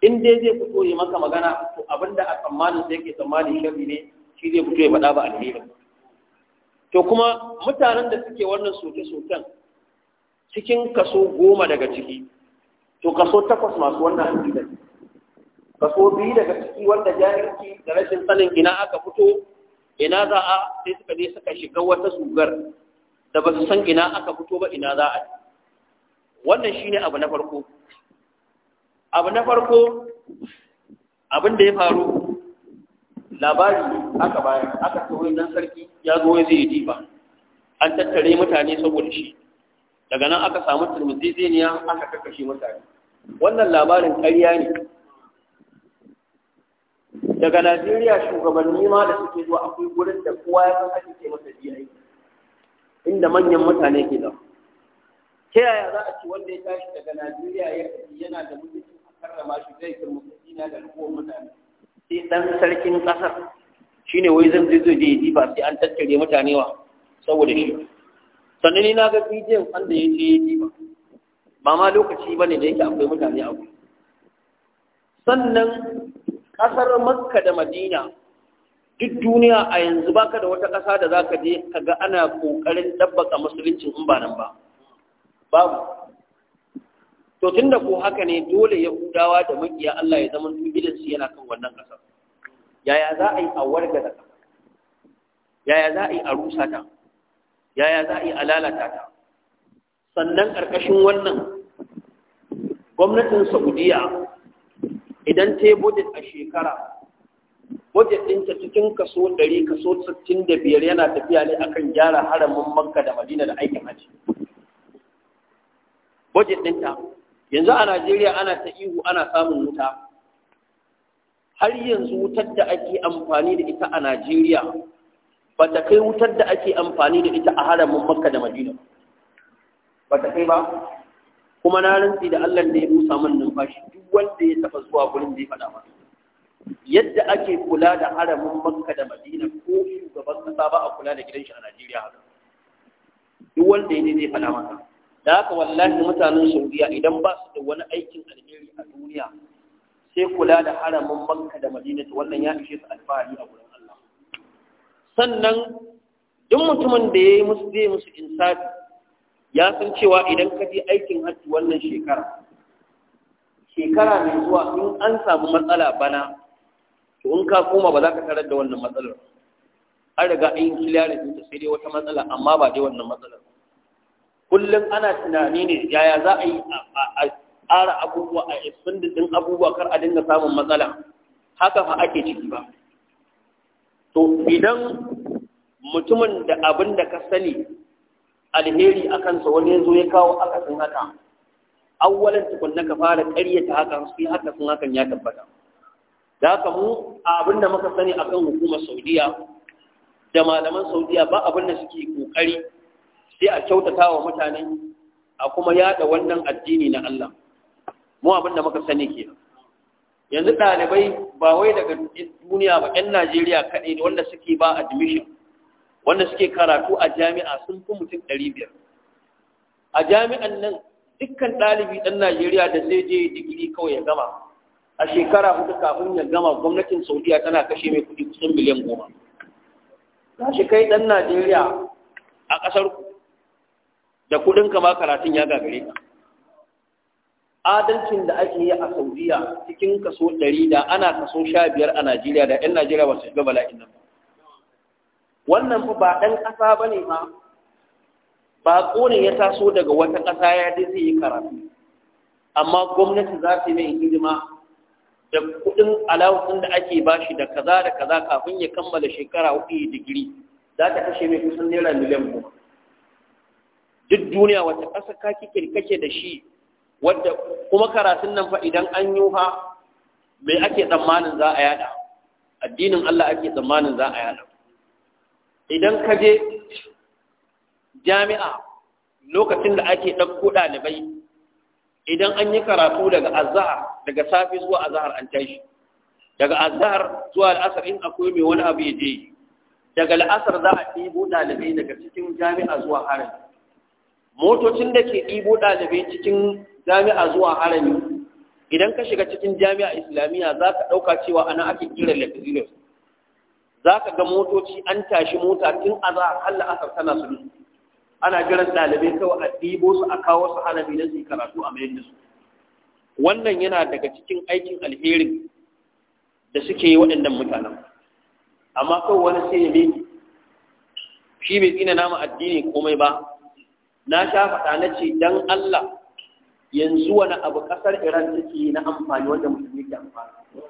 in dai zai fito ya maka magana to abinda a tsammanin sai ke tsammanin sharri ne shi zai fito ya faɗa ba a ba. to kuma mutanen da suke wannan soke-soken cikin kaso goma daga ciki to kaso takwas masu wannan hankali kaso biyu daga ciki wanda jahilci da rashin sanin ina aka fito ina za a sai suka je suka shiga wata sugar da ba su san ina aka fito ba ina za a wannan shine abu na farko abu na farko abin da ya faru labari aka bayan aka tsoro dan sarki ya zo zai yi an tattare mutane saboda shi daga nan aka samu turmuziziniya aka kakashe mutane wannan labarin ƙarya ne daga najeriya shugabanni ma da suke zuwa akwai wurin da kowa ya san ake ce masa biyayi inda manyan mutane ke da ta yaya za a ci wanda ya tashi daga najeriya ya tafi yana da mutunci karrama shi zai karrama dina da ruwan mutane sai dan sarkin kasar shine wai zan zai je yi ba sai an tattare mutane wa saboda shi sannan ni na ga bidiyon wanda ya ce yi ba ba ma lokaci bane da yake akwai mutane a gurin sannan kasar makka da madina duk duniya a yanzu baka da wata ƙasa da za ka je ka ga ana ƙoƙarin ɗabbaka musuluncin in ba nan ba babu to tunda ko haka ne dole yahudawa da makiya Allah ya zama gidan su yana kan wannan kasar yaya za a yi a warga da kasar yaya za a yi a rusa ta yaya za a yi a lalata ta sannan ƙarƙashin wannan gwamnatin Saudiya idan ta yi budget a shekara budget ɗinta cikin kaso ɗari kaso da biyar yana tafiya ne akan gyara haramin Makka da Madina da aikin haji budget ɗinta yanzu a najeriya ana ta ihu ana samun wuta har yanzu wutar da ake amfani da ita a najeriya ba ta kai wutar da ake amfani da ita a haramin makka da madina ba ta kai ba kuma na rantsi da allah da ya busa min numfashi duk wanda ya taba zuwa gurin zai faɗa masa yadda ake kula da haramin makka da madina ko shugaban kasa ba a kula da gidan shi a najeriya haka duk wanda ya ne zai faɗa masa da haka wallahi mutanen saudiya idan ba su da wani aikin alheri a duniya sai kula da haramin makka da ta wannan ya ishe su alfahari a wurin allah sannan duk mutumin da ya yi musu zai musu insafi ya san cewa idan ka je aikin hajji wannan shekara shekara mai zuwa in an samu matsala bana to in ka koma ba za ka tarar da wannan matsalar an riga an yi da sai dai wata matsala amma ba dai wannan matsalar kullum ana tunani ne yaya za a yi a ƙara abubuwa a isin din abubuwa kar a dinga samun matsala haka fa ake ciki ba to idan mutumin da abin da ka sani alheri a kansa wani yanzu ya kawo sun haka awwalan tukunna ka fara ƙaryata haka sai haka sun hakan ya tabbata da haka mu a abin da muka sani akan hukumar saudiya da malaman saudiya ba abin da suke kokari sai a kyautata wa mutane a kuma yada wannan addini na Allah mu abin muka sani ke yanzu ɗalibai ba wai daga duniya ba 'yan Najeriya kaɗai ne wanda suke ba admission wanda suke karatu a jami'a sun fi mutum ɗari biyar. a jami'an nan dukkan ɗalibi ɗan Najeriya da zai je digiri kawai ya gama a shekara huɗu kafin ya gama gwamnatin saudiya tana kashe mai kuɗi kusan miliyan goma ta shi kai ɗan najeriya a ƙasar ku da kuɗin ka ba karatun ya gagare ka adalcin da ake yi a saudiya cikin kaso ɗari da ana kaso sha biyar a najeriya da 'yan najeriya ba su shiga bala'in nan ba wannan ba ɗan ƙasa ba ne ma ba ne ya taso daga wata ƙasa ya dai zai yi karatu amma gwamnati za ta mai hidima da kuɗin alawusin da ake bashi da kaza da kaza kafin ya kammala shekara hudu digiri za ta kashe mai kusan naira miliyan goma duk duniya wata ƙasa ka kike kake da shi wadda kuma karatun nan fa idan an yi ha me ake tsammanin za a yada addinin Allah ake tsammanin za a yada idan ka je jami'a lokacin da ake ɗauko ɗalibai idan an yi karatu daga azhar daga safi zuwa azhar an tashi daga azhar zuwa al'asar in akwai mai wani abu ya je daga al'asar za a ɗibo ɗalibai daga cikin jami'a zuwa harin motocin da ke ɗibo ɗalibai cikin jami'a zuwa harami idan ka shiga cikin jami'a islamiyya za ka ɗauka cewa ana ake kira lexilus za ka ga motoci an tashi mota tun a za a kalla asar tana su ana jiran ɗalibai kawai a ɗibo su a kawo su harami don su karatu a mayar da su wannan yana daga cikin aikin alherin da suke yi waɗannan mutanen amma kawai wani sai ya shi bai tsina nama addini komai ba na sha faɗa na ce don Allah yanzu wani abu ƙasar Iran take na amfani wanda musulmi ke amfani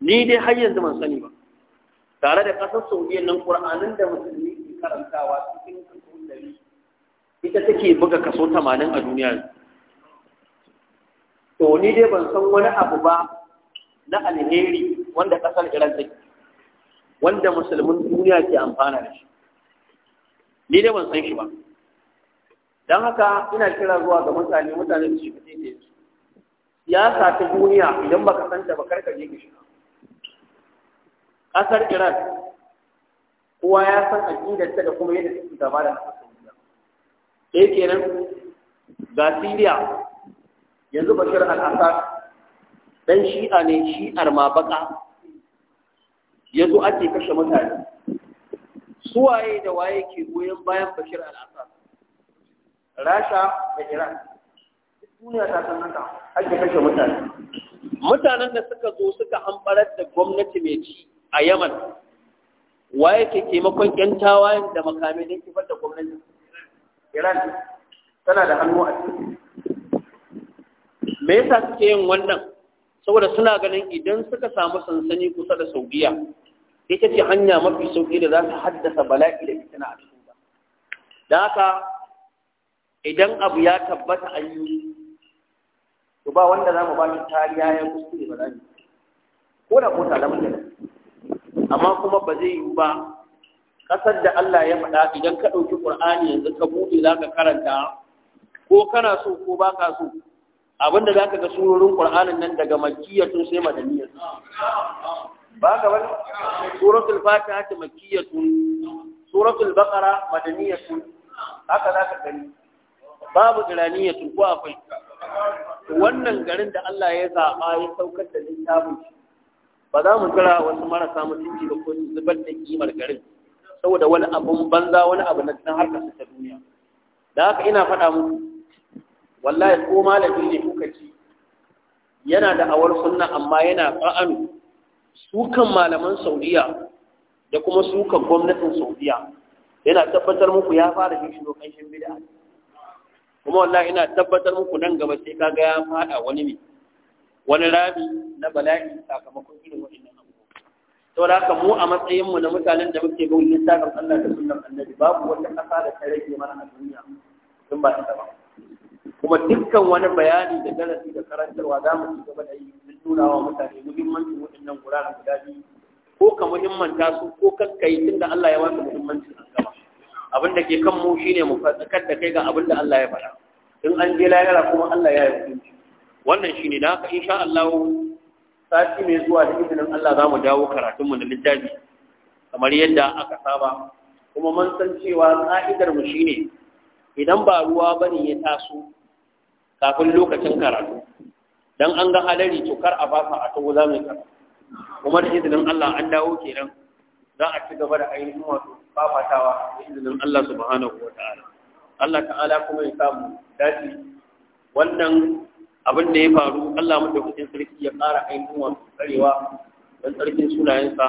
ni dai har yanzu ban sani ba tare da ƙasar Saudiya nan Qur'anin da musulmi ke karantawa cikin kaso ɗari ita take buga kaso tamanin a duniya to ni dai ban san wani abu ba na alheri wanda ƙasar Iran take wanda musulmin duniya ke amfana da shi ni dai ban san shi ba don haka ina kira zuwa ga mutane mutane su shiga daidai su siyasa ta duniya idan baka san ta ba karka je ka shiga kasar iran kowa ya san aƙidar ta da kuma yadda take gaba da saudiya eh kenan ga siriya yanzu bashir al-assad dan shi'a ne shi'ar ma baka ake kashe mutane suwaye da waye ke goyon bayan bashir al'asar rasha da iran duniya ta san haka ake kashe mutane mutanen da suka zo suka hambarar da gwamnati mai ci a yaman waye ke taimakon yan tawayen da makamai don kifar da gwamnati iran tana da hannu a ciki me yasa suke yin wannan saboda suna ganin idan suka samu sansani kusa da saudiya ita ce hanya mafi sauƙi da za ta haddasa bala'i da fitina a cikin ta da haka idan abu ya tabbata a yi to ba wanda za mu ba shi kariya ya kuskure ba za mu ko da ko da mun amma kuma ba zai yi ba ƙasar da Allah ya faɗa idan ka ɗauki ƙur'ani yanzu ka buɗe za ka karanta ko kana so ko ba ka so abinda za ka ga surorin ƙur'anin nan daga makiyatun sai madaniyar ba ga wani. suratul fatiha ta makkiyatun suratul baqara madaniyatun haka za ka gani babu iraniyatun ko akwai wannan garin da Allah ya zaɓa ya saukar da littafin ba za mu kira wasu marasa mutunci da kun zubar da kimar garin saboda wani abun banza wani abu na cikin harkar ta duniya da haka ina faɗa muku wallahi ko malami ne kuka ci yana da awar sunna amma yana ƙa'anu sukan malaman saudiya da kuma sukan gwamnatin saudiya yana tabbatar muku ya fara shi shiro kanshin bid'a kuma wallahi ina tabbatar muku nan gaba sai kaga ya fada wani ne wani rami na bala'i sakamakon irin waɗannan abubuwa da haka mu a matsayin mu na mutanen da muke bin sakar Allah da sunan Annabi babu wata kasa da ta rage mana a duniya sun ba ta ba kuma dukkan wani bayani da darasi da karantarwa za mu ci gaba da yi nuna wa mutane muhimmancin waɗannan guraren guda biyu ko ka muhimmanta su ko tun tunda Allah ya wata muhimmancin an gaba abin da ke kan mu shine mu fatsakar da kai ga abin da Allah ya faɗa in an je layara kuma Allah ya yi hukunci wannan shi ne da haka insha Allah sati mai zuwa da izinin Allah za mu dawo karatunmu da littafi kamar yadda aka saba kuma mun san cewa ka'idar mu shine idan ba ruwa bane ya taso kafin lokacin karatu dan an ga halari to kar a fasa a tawo zamu kar kuma da izinin Allah an dawo kenan za a ci gaba da ainihin wato fafatawa da izinin Allah subhanahu wataala Allah ta'ala kuma ya samu dadi wannan abin da ya faru Allah madaukakin sarki ya ƙara ainihin wato tsarewa dan sarkin sunayensa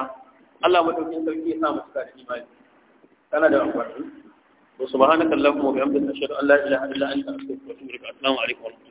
Allah madaukakin sarki ya sa mu da imani kana da amfani وسبحانك اللهم وبحمدك اشهد ان لا اله الا انت استغفرك واتوب اليك السلام عليكم ورحمه الله